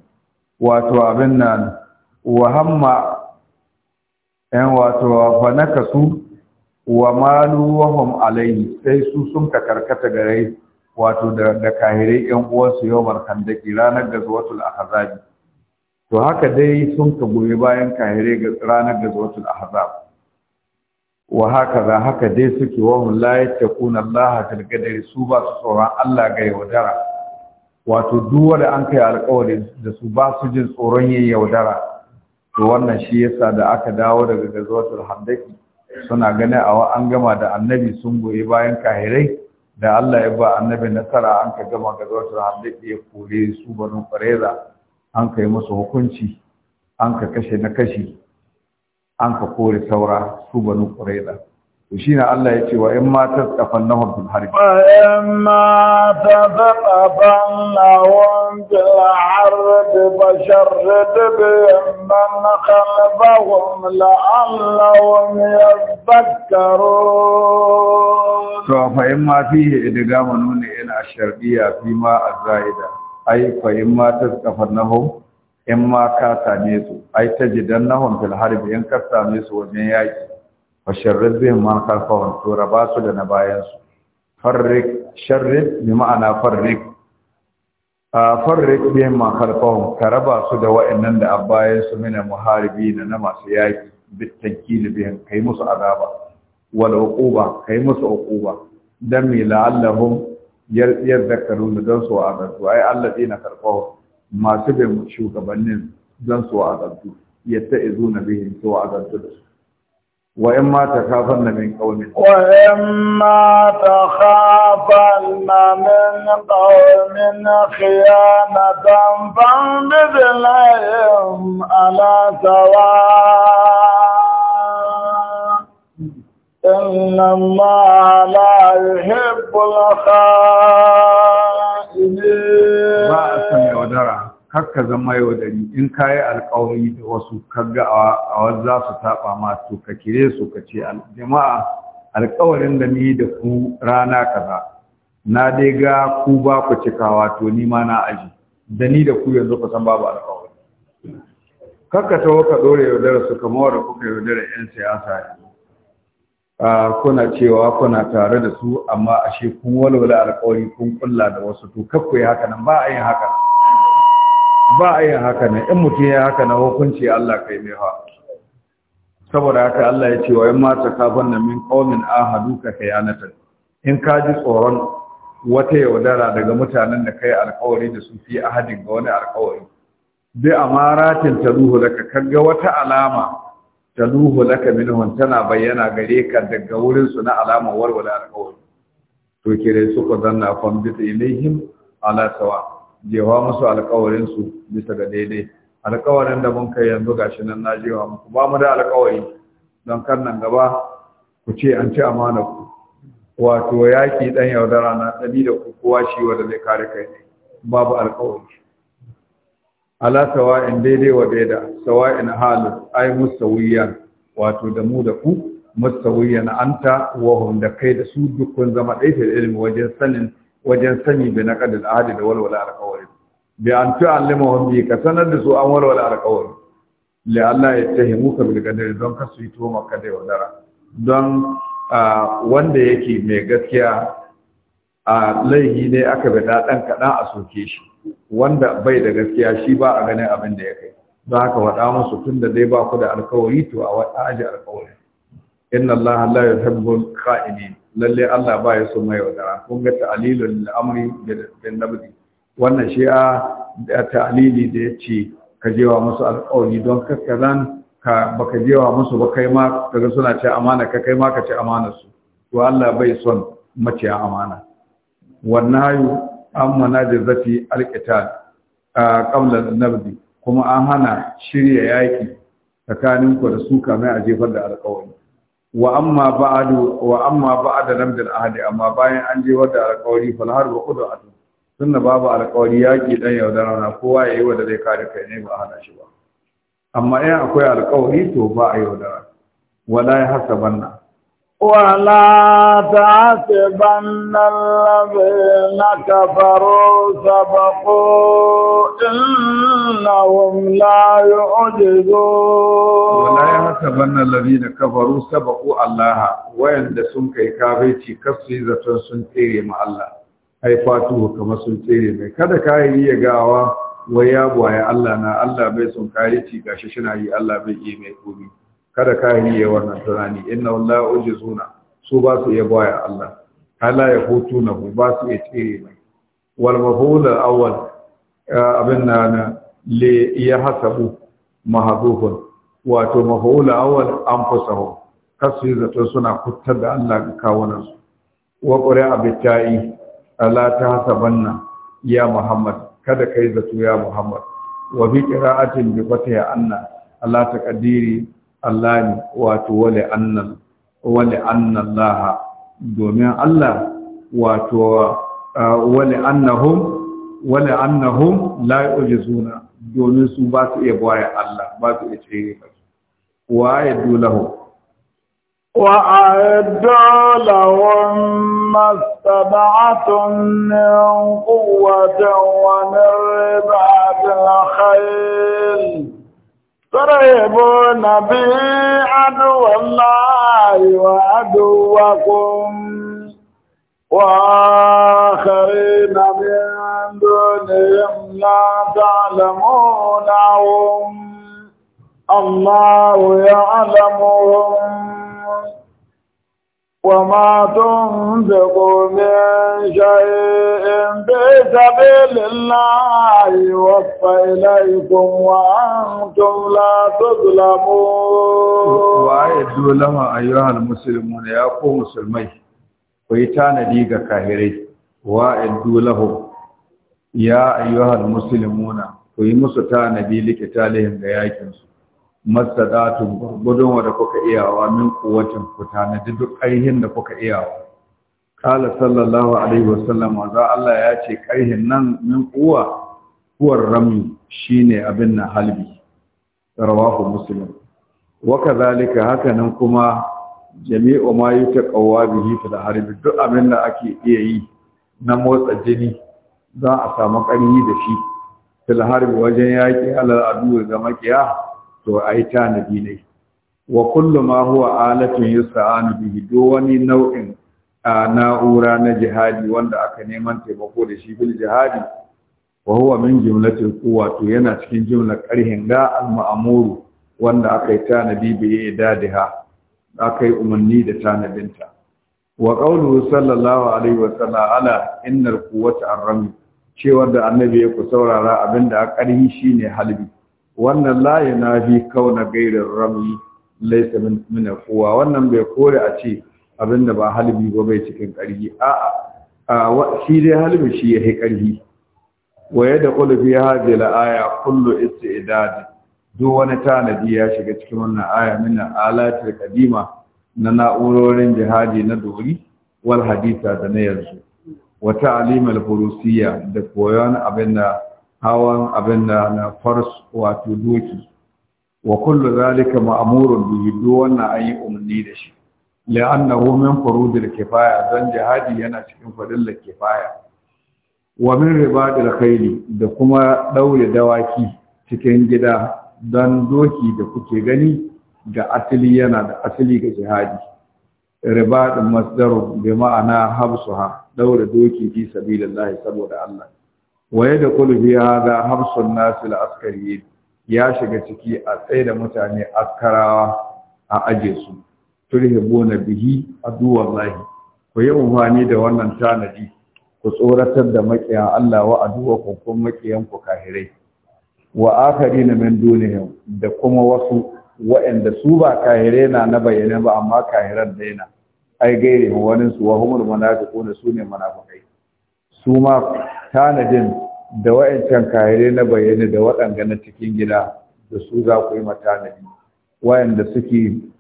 S1: wato abin nan wa hamma ɗan eh, wato naka su wa malu wahum alaihi sai su sun ka karkata gare wato da kahirai yan uwansu yawmal handaki ranar gazuwatul ahazabi to haka dai sun ka goyi bayan kahire ga ranar zuwatul ahzab wa haka za haka dai suke wa hum la yattaquna Allah fil su ba su tsoron Allah ga yaudara wato duk wanda an kai alƙawari da su ba su jin tsoron yin yaudara to wannan shi yasa da aka dawo daga gazwatul hadaki suna ganin wa an gama da annabi sun goyi bayan kahirai da Allah ya ba annabi nasara an ka gama gazwatul hadaki ya kore su banu fareza an ka yi musu hukunci an ka kashe na kashi an ka kore saura su banu ƙuraida to shi na Allah ya ce wa ‘yan matan tsafan na hukun harbi. wa ‘yan mata
S3: tsafan na hundun harbi ba sharri dubi man na kalaba wa la'allawun ya zakaro.
S1: to a ‘yan ma fiye idiga nuna ina shardiya fi ma a za'ida. ai in ma ta kafar nahum in ma ka same su ai ta jidan nahum fil harbi in ka same su wajen yaki wa sharrid bi ma khalfahum to raba su da na bayan su farrik sharrid bi ma'ana farrik a farrik bi ma khalfahum ka raba su da wa'annan da abayan su mina muharibi na na masu yaki bitakil bihim kai musu azaba wal uquba kai musu uquba dan mi la'allahum يذكرون دون سوى أي الذين فرقوه ما سبه مشوك بنين دون سوى عددتو يتئذون بهم وإما تخافن من قوم
S3: وإما تخافن من قوم خيانة فانبذ إن الله لا يحب الخائنين
S1: ba a san yaudara zama yaudari in ka yi alƙawari da wasu kaga a wasu za su taɓa masu ka kire su ka ce jama'a alkawarin da ni da ku rana kaza na dai ga ku ba ku cikawa to ni ma na aji da ni da ku yanzu ku san babu alkawari kakka ta waka ɗora yaudara su kamar da kuka yaudara 'yan siyasa yanzu kuna cewa kuna tare da su amma ashe kun walwala alƙawari kun kulla da wasu to kakku yi haka nan ba a yin haka ba a yin haka nan in mutum ya haka nan hukunci Allah kai mai ha saboda haka Allah ya ce wa yamma ta kafan nan min qaumin ahaduka kayanata in ka ji tsoron wata yaudara daga mutanen da kai alƙawari da su fi ahadin ga wani alƙawari bi amaratin taduhu laka kaga wata alama tanuhu laka minhum tana bayyana gare ka daga wurin su na alama warwala alqawl to kire su ku zanna kun bi ilaihim ala sawa jewa musu alƙawarin su bisa ga daidai alƙawarin da mun kai yanzu gashi nan na jewa muku ba mu da alƙawari don kan nan gaba ku ce an ci amana ku wato yaki dan yaudara na dabi da ku kowa shi wanda zai kare kai babu alƙawari ala sawa'in daidai wa daida sawa'in halin ai musawiyan wato da mu da ku musawiyan anta wa hum da kai da su dukkan zama dai da ilmi wajen sanin wajen sani bi na kadin ahadi da walwala alƙawari bi an tu'allima hum bi ka sanar da su an walwala alƙawari li Allah ya tahimu ka bil qadari don ka su yi to maka da yaudara don ah, wanda yake mai gaskiya a laihi ne aka bada ɗan kaɗan a soke shi wanda bai da gaskiya shi ba a ganin abin da ya kai Za ka faɗa musu tun da dai ba ku da alkawari to a wata aji alkawari inna allaha la al kha'inin lalle allah ba ya so mai wadara kun ga ta'lilul amri bin nabdi wannan shi a ta'lili da yace ka jewa musu alkawari don zan ka baka jewa musu ba kai ma kaga suna ce amana ka kai ma ka ce amana su to allah bai son maciya amana wannayu an da zafi alƙital a ƙaunar nabdi kuma an hana shirya yaƙi tsakanin ku da su kamar a jefar da alƙawari wa amma ba'a da amma ba'da ahadi amma bayan an jefar da alƙawari fal har ba kudu sun da babu alƙawari yaƙi dan yaudara rana kowa yayi da zai kare kai ne ba hana shi ba amma in akwai alƙawari to ba a rana wala ya banna
S3: ولا تعتبن الذين كفروا سبقوا إنهم لا
S1: يعجزون ولا يعتبن الذين كفروا سبقوا الله وين دسم كي كافيتي كسي زتن سنتيري مع الله أي فاتوه كما سنتيري مع كذا كاي يقاوا ويابوا يا الله نا الله بيسون كايتي كاششنا يا الله بيجي مع kada ka kahiri ya wannan tunani inna wallahi ujizuna su ba su iya baya Allah hala ya hutu na ku ba su iya tsere mai wal al awwal eh, abin na le ya hasabu mahdhufun wato mafhul awwal anfusuhum kasu yi zato suna kuttar da Allah ga kawunan su wa qura abitai ala ta hasabanna ya muhammad kada kai zato ya muhammad wa bi qira'atin bi fatiha anna Allah taqdiri Allah ne wato wale annan wale annan laha domin Allah wato wale annahum wale annahum la yujizuna domin su ba su iya baye Allah ba su iya cire ba wa yadu lahum
S3: وأعد لهم ما استبعتم من قوة ومن رباط الخيل ترهبون به عدو الله وعدوكم وآخرين من دونهم لا تعلمونهم الله يعلمهم وما تنفقوا من شيء في سبيل الله يوفى إليكم وأنتم
S1: لا تظلمون وأعدوا لما أيها المسلمون يا قوم مسلمي ويتانا ديغا كاهري وأعدوا لهم يا أيها المسلمون ويمسوا تانا دي لكتالهم غياكنسوا masadatun gurgudun wadda kuka iyawa min kuwatin kuta na duk ƙarhin da kuka iyawa kala sallallahu alaihi wasallam za Allah ya ce ƙarhin nan min uwa? huwar shi shine abin na halbi rawahu muslim wa kadhalika hakanan kuma jami'u ma ƙauwa bihi fil harbi duk abin da ake iya yi na motsa jini za a samu ƙarfi da shi fil harbi wajen yaƙi alal adu ga makiya to ai tanadi ne wa kullu ma huwa alatun yusta'anu bihi do wani nau'in a na'ura na jihadi wanda aka neman taimako da shi bil jihadi wa huwa min jumlatil quwa yana cikin jumlar karhin ga al ma'muru wanda aka yi tanadi bi idadiha aka yi umarni da tanadinta wa qawluhu sallallahu alaihi wa sallam ala innal quwwata ar-ramy cewar da annabi ya ku saurara abinda a karhi shine halbi wannan la yanafi kauna gairin rami laysa min al wannan bai kore a ce abinda ba halbi ba bai cikin karhi a'a shi dai halbi shi ya yi karhi waye da ya hajji la'aya kullu istidadi duk wani tanadi ya shiga cikin wannan aya mina alatar kadima na na'urorin jihadi na dori wal hadisa da na yanzu wata alimar furusiya da koyon abin da hawan abin da na fars wato doki wa kullu zalika ma'murun bihi duk wannan an yi umarni da shi la'annahu min furudil kifaya don jihadi yana cikin fadillar kifaya wa min ribadil khayli da kuma ɗaure dawaki cikin gida don doki da kuke gani ga asali yana da asali ga jihadi da masdaru bi ma'ana habsuha ɗaure doki fi sabilillah saboda Allah waye da kullu bi hada habsun nas al askari ya shiga ciki a tsaye da mutane askarawa a aje su turhibuna bihi aduwallahi ku yi amfani da wannan tanadi ku tsoratar da makiyan Allah wa aduwa ku kun makiyan ku kahirai wa na min dunihim da kuma wasu waɗanda su ba kahirai na na bayyana ba amma kahiran daina ai gaire wani su wa humul munafiqun su ne munafikai su ma tanadin da wa'ancan kahirai na bayyane da waɗanda na cikin gida da su za ku yi matanadi wa'anda suke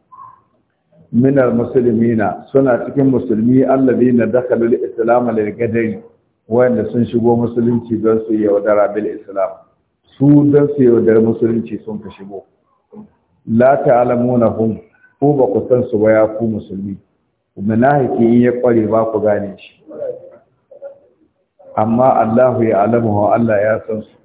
S1: minal musulmina suna cikin musulmi allazi na dakalul islam lil gadari wanda sun shigo musulunci don su yaudara bil islam su don su yaudara musulunci sun ka shigo la ta'lamunahum ko ba ku san su ba ya ku musulmi munafiki in ya kware ba gane shi amma Allahu ya alamu Allah ya san su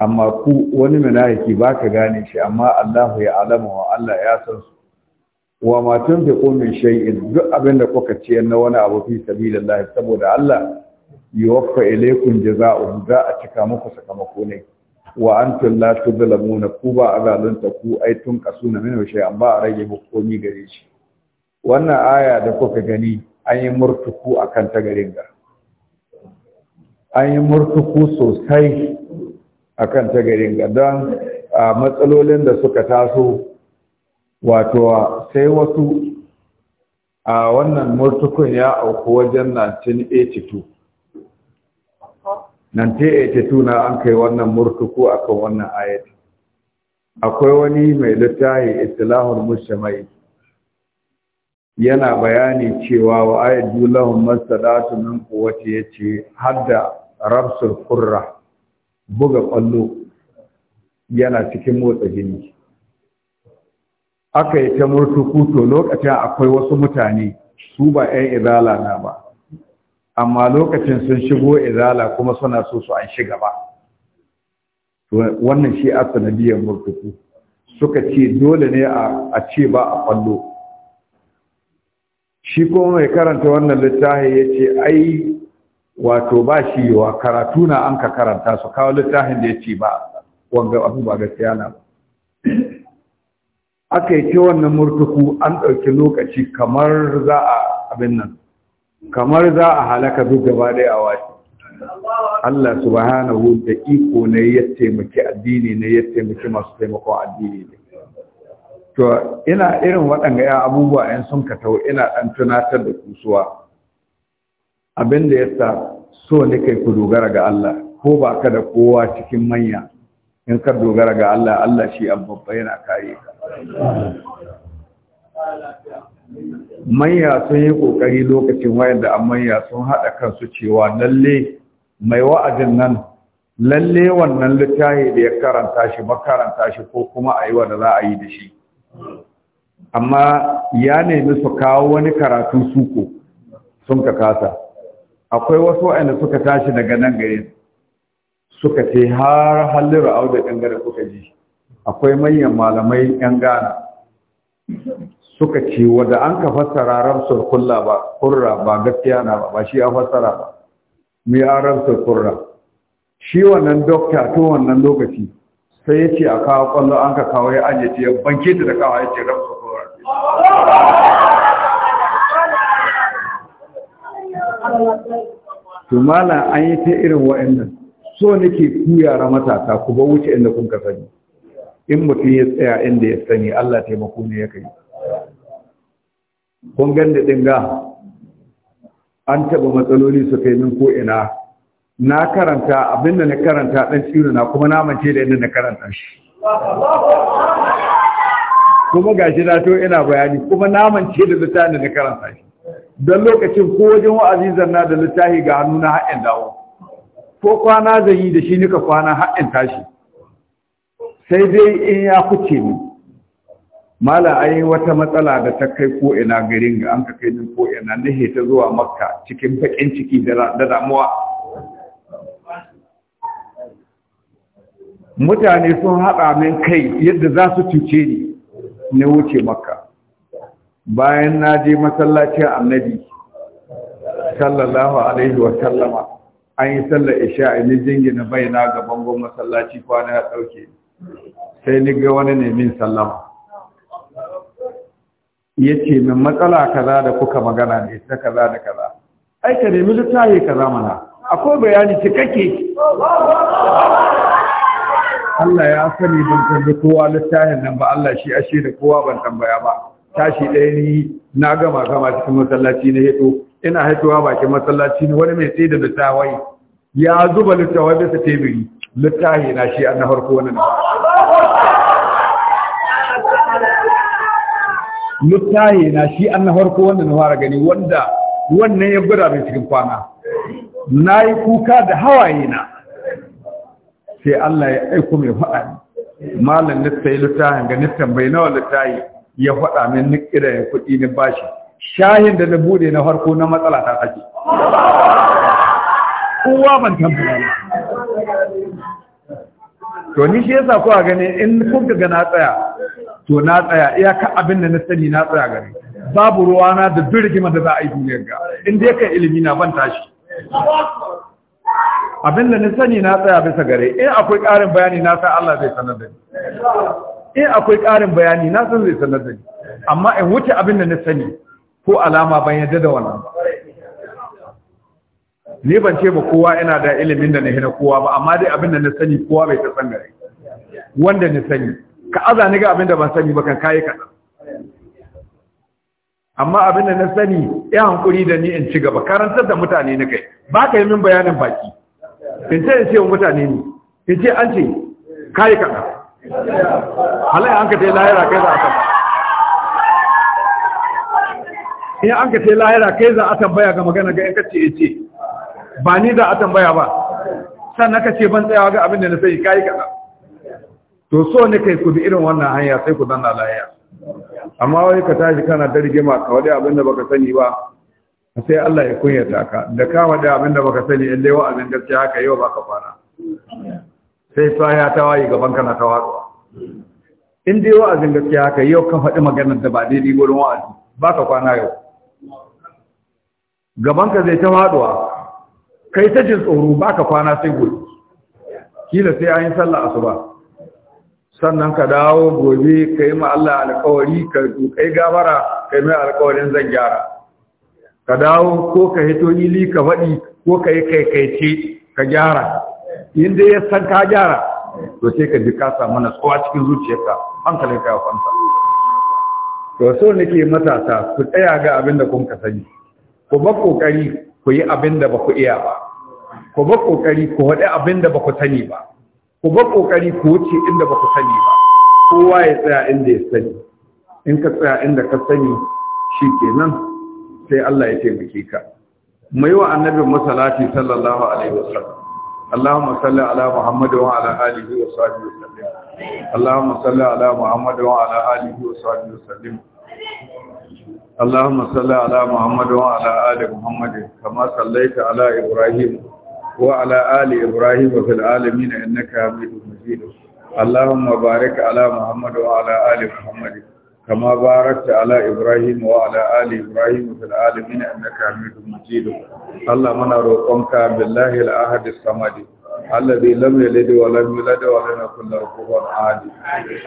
S1: amma ku wani munafiki ba baka gane shi amma Allahu ya alamu Allah ya san su wa ma tunfiqu min shay'in duk abin da kuka ce na wani abu fi sabilillahi saboda Allah yuwaffa ilaykum jazaa'u za a cika muku sakamako ne wa antum la tudlamuna kuba ba azalunta ku ai tun kasuna min shay'an ba a rage muku komi gare shi wannan aya da kuka gani an yi murtuku akan ta garin ga an yi murtuku sosai akan ta garin ga don matsalolin da suka taso wato sai wasu a wannan murtukun ya auku wajen 1982 1982 na an kai wannan murtuku akan wannan ayat akwai wani mai littahi istilahul mushamai yana bayani cewa wa ayyadu lahum masadatu min quwwati yace hadda rabsul qurra buga kwallo yana cikin motsa jini aka yi ta murtuku to lokacin akwai wasu mutane su ba 'yan izala na ba amma lokacin sun shigo izala kuma suna so su an shiga ba wannan shi a biyan murtuku suka ce dole ne a ce ba a kwallo shi kuma mai karanta wannan littafi ya ce ai wato ba shi wa karatu na an ka karanta su kawo littafin da ya ce ba wanga abu ba gaskiya na ba aka yi ta wannan murtuku an ɗauki lokaci kamar za a abin nan kamar za a halaka duk gaba ɗaya a wace Allah subhanahu da iko ne ya taimaki addini ne ya taimaki masu taimakon addini ne to ina irin waɗanga ya abubuwa yan sun ka tau ina ɗan tunatar da kusuwa abin da yasa so ne kai ku dogara ga Allah ko ba ka da kowa cikin manya in ka dogara ga Allah Allah shi abubba yana kare ka manya sun yi ƙoƙari lokacin wayar da manya sun haɗa kansu cewa lalle mai wa'azin nan lalle wannan littafi da ya karanta shi makaranta shi ko kuma a yi wanda za a yi da shi amma ya nemi su kawo wani karatun suko sun ka kasa akwai wasu waɗanda suka tashi daga nan gare suka ce har ra'au da ɗangare kuka ji akwai manyan malamai 'yan Ghana suka ce wadda an ka fassara ramsar kulla ba kurra ba gaskiya na ba ba shi an fassara ba mai an ramsar kurra shi wannan dokta to wannan lokaci sai ya ce a kawo kwallo an ka kawo ya ajiye yace banke ta da kawo ya ce ramsar kurra to malam an yi ta irin wa'annan so nake ku yara matasa ku ba wuce inda kun ka sani in mutum ya tsaya inda ya sani Allah taimako ne ya kai kun ganda dinga an taba matsaloli su kai min ko ina na karanta abin da na karanta dan tsiro na kuma na mance da inda na karanta shi kuma gashi na to ina bayani kuma na mance da littafin da na karanta shi don lokacin ko wajen wa'azizan na da littafi ga hannu na haɗin dawo ko kwana zai yi da shi nika kwana haɗin tashi sai dai in ya kuce mu mala ai wata matsala da ta kai ko ina garin ga an ka kai ko ina nahe ta zuwa makka cikin bakin ciki da damuwa mutane sun haɗa min kai yadda za su cuce ni na wuce makka bayan na je masallacin annabi sallallahu alaihi wa sallama an yi sallar isha'i na jingina na ga bangon masallaci kwana ya ɗauke ni sai ni ga wani ne min sallama yace min matsala kaza da kuka magana ne ta kaza da kaza ai ka nemi littafi kaza mana akwai bayani cikakke Allah ya sani ban tambayi kowa littafin nan ba Allah shi ashe da kowa ban tambaya ba tashi ɗaya ni na gama gama cikin masallaci na hito ina haituwa bakin masallaci ne wani mai tsaye da tawai ya zuba littawa bisa teburi littahi na shi an na harko wani littahi na shi an harko wanda na fara gani wanda wannan ya gwada mai cikin kwana
S2: na yi kuka
S1: da hawaye na sai Allah ya aiko mai faɗa malam littahi yi ga nistan bai nawa littahi ya faɗa min nikira ya kuɗi ni bashi shahin da na bude na harko na matsala ta
S2: take
S1: kowa ban tambaya ba
S2: to ni shi yasa
S1: kowa gane in kuka ga na tsaya to na tsaya iyaka abin da na sani na tsaya gare babu ruwana da durgima da za a yi duniyar ga in dai kan ilimi na ban tashi abin da na sani na tsaya bisa gare in akwai ƙarin bayani na san Allah zai sanar da ni in akwai ƙarin bayani na san zai sanar da ni amma in wuce abin da na sani ko alama ban yadda da wannan ba ni ban ce ba kowa ina da ilimin da na kowa ba amma dai abin da na sani kowa bai ta san gare wanda na sani ka aza ni ga abin da ban sani ba kan kai kaɗan amma abin da na sani ya hankuri da ni in ci gaba karantar da mutane na kai ba ka yi min bayanin baki in ce in ce wa mutane ne in ce an ce kayi kaɗa halayen an ka ta yi lahira kai za a tambaya in an ka ta yi lahira kai za a tambaya ga magana ga in ka ce ce ba ni za a tambaya ba sannan ka ce ban tsayawa ga abin da na sai kai kaza to so ne kai ku bi irin wannan hanya sai ku danna lafiya amma wai ka tashi kana da rigima ka wadi abin da baka sani ba sai Allah ya kunyata ka da ka wadi abin da baka sani in dai wa abin gaskiya haka yau baka fara sai tsaya ta wayi gaban kana ta wato in dai wa'azin gaskiya haka yau kan faɗi maganar da ba daidai gurin wa'azi baka kwana yau Gaban ka zai ta faɗuwa kai ta jin tsoro ba ka kwana sai gobe kila sai an yi sallah asuba sannan ka dawo gobe ka yi Allah alkawari ka kai gabara ka yi mai alkawarin zan gyara ka dawo ko ka hito ili ka faɗi ko ka yi kaikaice ka gyara inda ya san ka gyara to sai ka ji samu na tsowa cikin zuciyarka hankalin ka ya kwanta to so nake matasa ku tsaya ga abin da kun ka sani ku ba kokari ku yi abin ba ku iya ba ku ba kokari ku haɗe abin da ba ku sani ba ku ba kokari ku wuce inda ba ku sani ba kowa ya tsaya inda ya sani in ka tsaya inda ka sani shi kenan sai Allah ya taimake ka mu wa annabin masalati sallallahu alaihi wasallam اللهم صل على محمد وعلى اله وصحبه وسلم اللهم صل على محمد وعلى اله وصحبه وسلم اللهم صل على محمد وعلى ال محمد كما صليت على ابراهيم وعلى آل إبراهيم في العالمين إنك حميد مجيد اللهم بارك على محمد وعلى آل محمد كما باركت على إبراهيم وعلى آل إبراهيم في العالمين إنك حميد مجيد اللهم نروقك بالله الأحد الصمد alladhi lam yalid wa lam yulad wa lam yakul lahu kufuwan ahad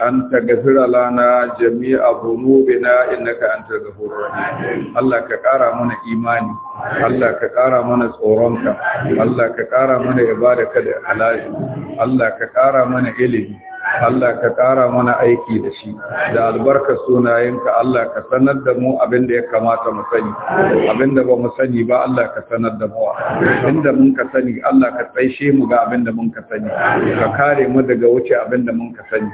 S1: anta ghafir lana jami'a dhunubina innaka antal ghafur rahim allah ka kara mana imani allah ka ƙara mana tsoronka allah ka ƙara mana ibada ibadarka da alaji allah ka kara mana ilimi Allah ka ƙara mana aiki da shi da albarka sunayenka Allah ka sanar da mu abin da ya kamata mu sani abin da ba mu sani ba Allah ka sanar da mu da mun ka sani Allah ka tsaishe mu ga abin da mun ka sani ka kare mu daga wuce abin da mun ka sani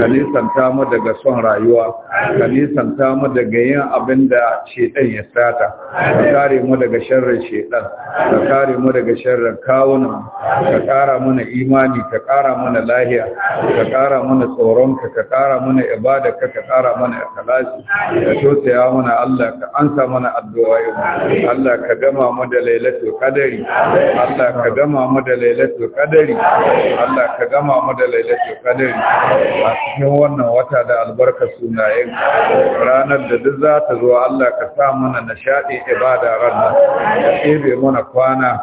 S1: ka nisanta mu daga son rayuwa ka nisanta mu daga yin abin da shedan ya sata ka kare mu daga sharrin shedan ka kare mu daga sharrin kawunan ka ƙara mana imani ka ƙara mana lahiya ka ƙara ƙara mana tsoronka ka ƙara mana ibada ka ka ƙara mana ikhlasi ka tausaya mana Allah ka ansa mana addu'a Allah ka gama mu da lailatul qadari Allah ka gama mu da lailatul qadari Allah ka gama mu da lailatul qadari a cikin wannan wata da albarka sunayen ranar da duk za ta zo Allah ka sa mana nishadi ibada ranar ka ɗebe mana kwana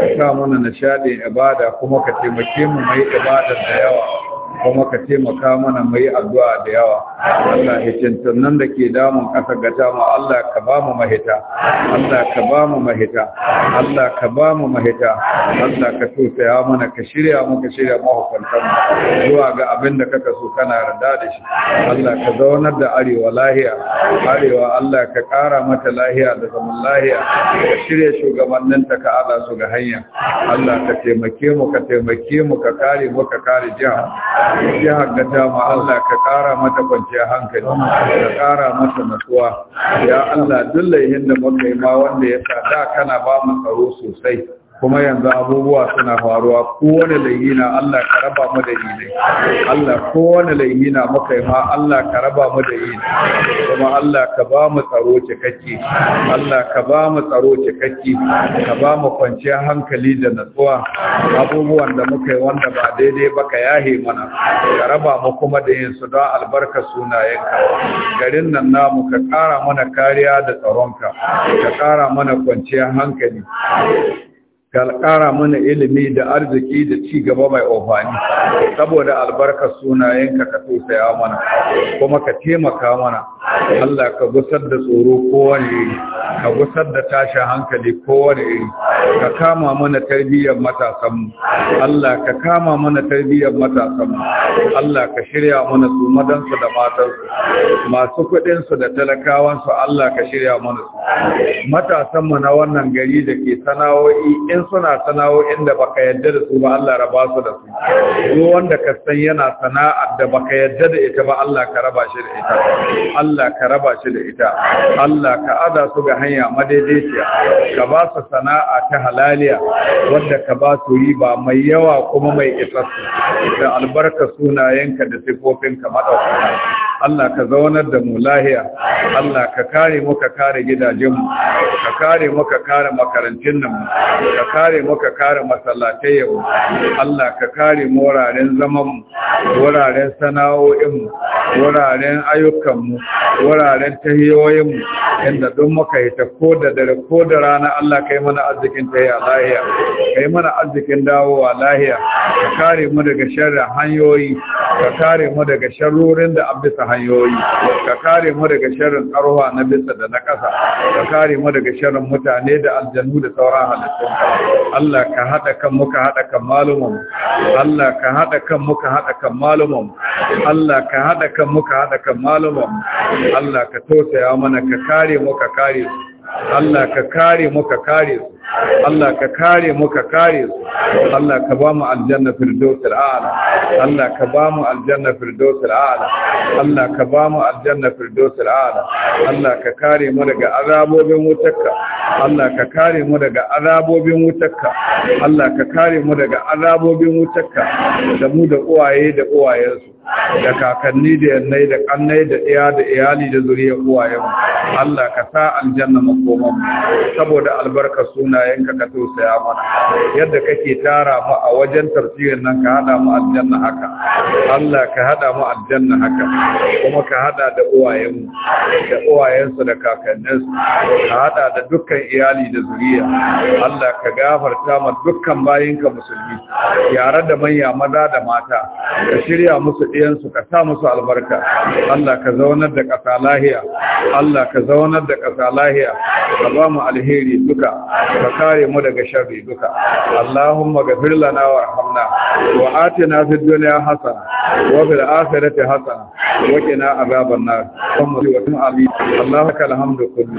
S1: ka sa mana nishadi ibada kuma ka taimake mu mai ibada da yawa kuma ka taimaka mana mu yi addu'a da yawa Allah hitintan nan da ke damun ƙasa gata mu Allah ka ba mu mahita Allah ka ba mu mahita Allah ka ba mu mahita Allah ka tausaya mana ka shirya mu ka shirya mahukuntan mu zuwa ga abin da kaka so kana rada da shi Allah ka zaunar da arewa lahiya arewa Allah ka ƙara mata lahiya da zaman lahiya ka shirya shugabanninta ka ala su ga hanya Allah ka taimake mu ka taimake mu ka kare mu ka kare jiha Ya ga ma Allah ka kara mata kwanciyar hankali ka ƙara mata nasuwa ya Allah duk laihin da muka yi ma wanda ya sa da kana ba mu tsaro sosai kuma yanzu abubuwa suna faruwa kowane laihina Allah ka raba mu da yi Allah kowane laihina muka yi ma Allah ka raba mu da yi kuma Allah ka ba mu tsaro cikakke Allah ka ba mu tsaro cikakke ka ba mu kwanciyar hankali da natsuwa abubuwan da muka yi wanda ba daidai ba ka yahe mana ka raba mu kuma da yin su don albarka sunayenka garin nan namu ka kara mana kariya da tsaronka ka kara mana kwanciyar hankali ka ƙara mana ilimi da arziki da ci gaba mai ofani saboda albarkar sunayenka ka tosaya mana kuma ka taimaka mana Allah ka gusar da tsoro kowane iri ka gusar da tashin hankali kowane iri ka kama mana tarbiyyar matasanmu Allah ka kama mana tarbiyyar matasanmu Allah ka shirya mana su madansu da matansu masu kuɗinsu da talakawansu Allah ka shirya mana su matasanmu na wannan gari da ke sana'o'i in suna sana'o'in da baka yadda da su ba Allah raba su da su duk wanda ka san yana sana'a da baka yadda da ita ba Allah ka raba shi da ita Allah ka raba shi da ita Allah ka ada su ga hanya madaidaiciya ka ba su sana'a ta halaliya wanda ka ba su yi ba mai yawa kuma mai isassu da albarka sunayenka da sifofinka madaukaka Allah ka zaunar da mu lahiya Allah ka kare mu ka kare gidajenmu ka kare mu ka kare makarantun nan ka kare mu ka kare masallatai mu Allah ka kare mu wuraren zaman wuraren sana'o'in mu wuraren ayyukan mu wuraren tahiyoyin mu inda don muka yi ta ko da dare ko da rana Allah kai mana arzikin tahiya lahiya kai mana arzikin dawowa lahiya ka kare mu daga sharrin hanyoyi ka kare mu daga sharrorin da abisa hanyoyi ka kare mu daga sharrin karuwa na bisa da na ƙasa ka kare mu daga sharrin mutane da aljanu da sauran halittun Allah ka hada kan ka hada kan malumum Allah ka hada kan ka hada kan malumum Allah ka hada kan ka hada kan malumum Allah ka tausaya mana ka kare mu ka kare su Allah ka kare mu ka kare su Allah ka kare mu ka kare su Allah ka ba mu aljanna firdausul a'la Allah ka ba mu aljanna firdausul a'la Allah ka ba mu aljanna firdausul a'la Allah ka kare mu daga azabobin wutarka Allah ka kare mu daga azabobin wutarka Allah ka kare mu daga azabobin wutarka da mu da uwaye da uwayensu da kakanni da yannai da kannai da iya da iyali da zuriya yau Allah ka sa aljanna makoman saboda albarka sunayen ka ka tausaya mana yadda kake tara mu a wajen tafsirin nan ka hada mu aljanna haka Allah ka hada mu aljanna haka kuma ka hada da uwayen da su da kakanninsu ka hada da dukkan iyali da zuriya Allah ka gafarta mu dukkan bayinka musulmi yare da manya maza da mata ka shirya musu ɗiyansu ka sa musu albarka Allah ka zaunar da ƙasa lahiya Allah ka zaunar da ƙasa lahiya ka ba mu alheri duka ka kare mu daga sharri duka Allahumma ghafir lana warhamna wa atina fid dunya hasana wa fil akhirati hasana wa qina adhaban nar Allahumma wa ta'ala Allahumma lakal hamdu kullum.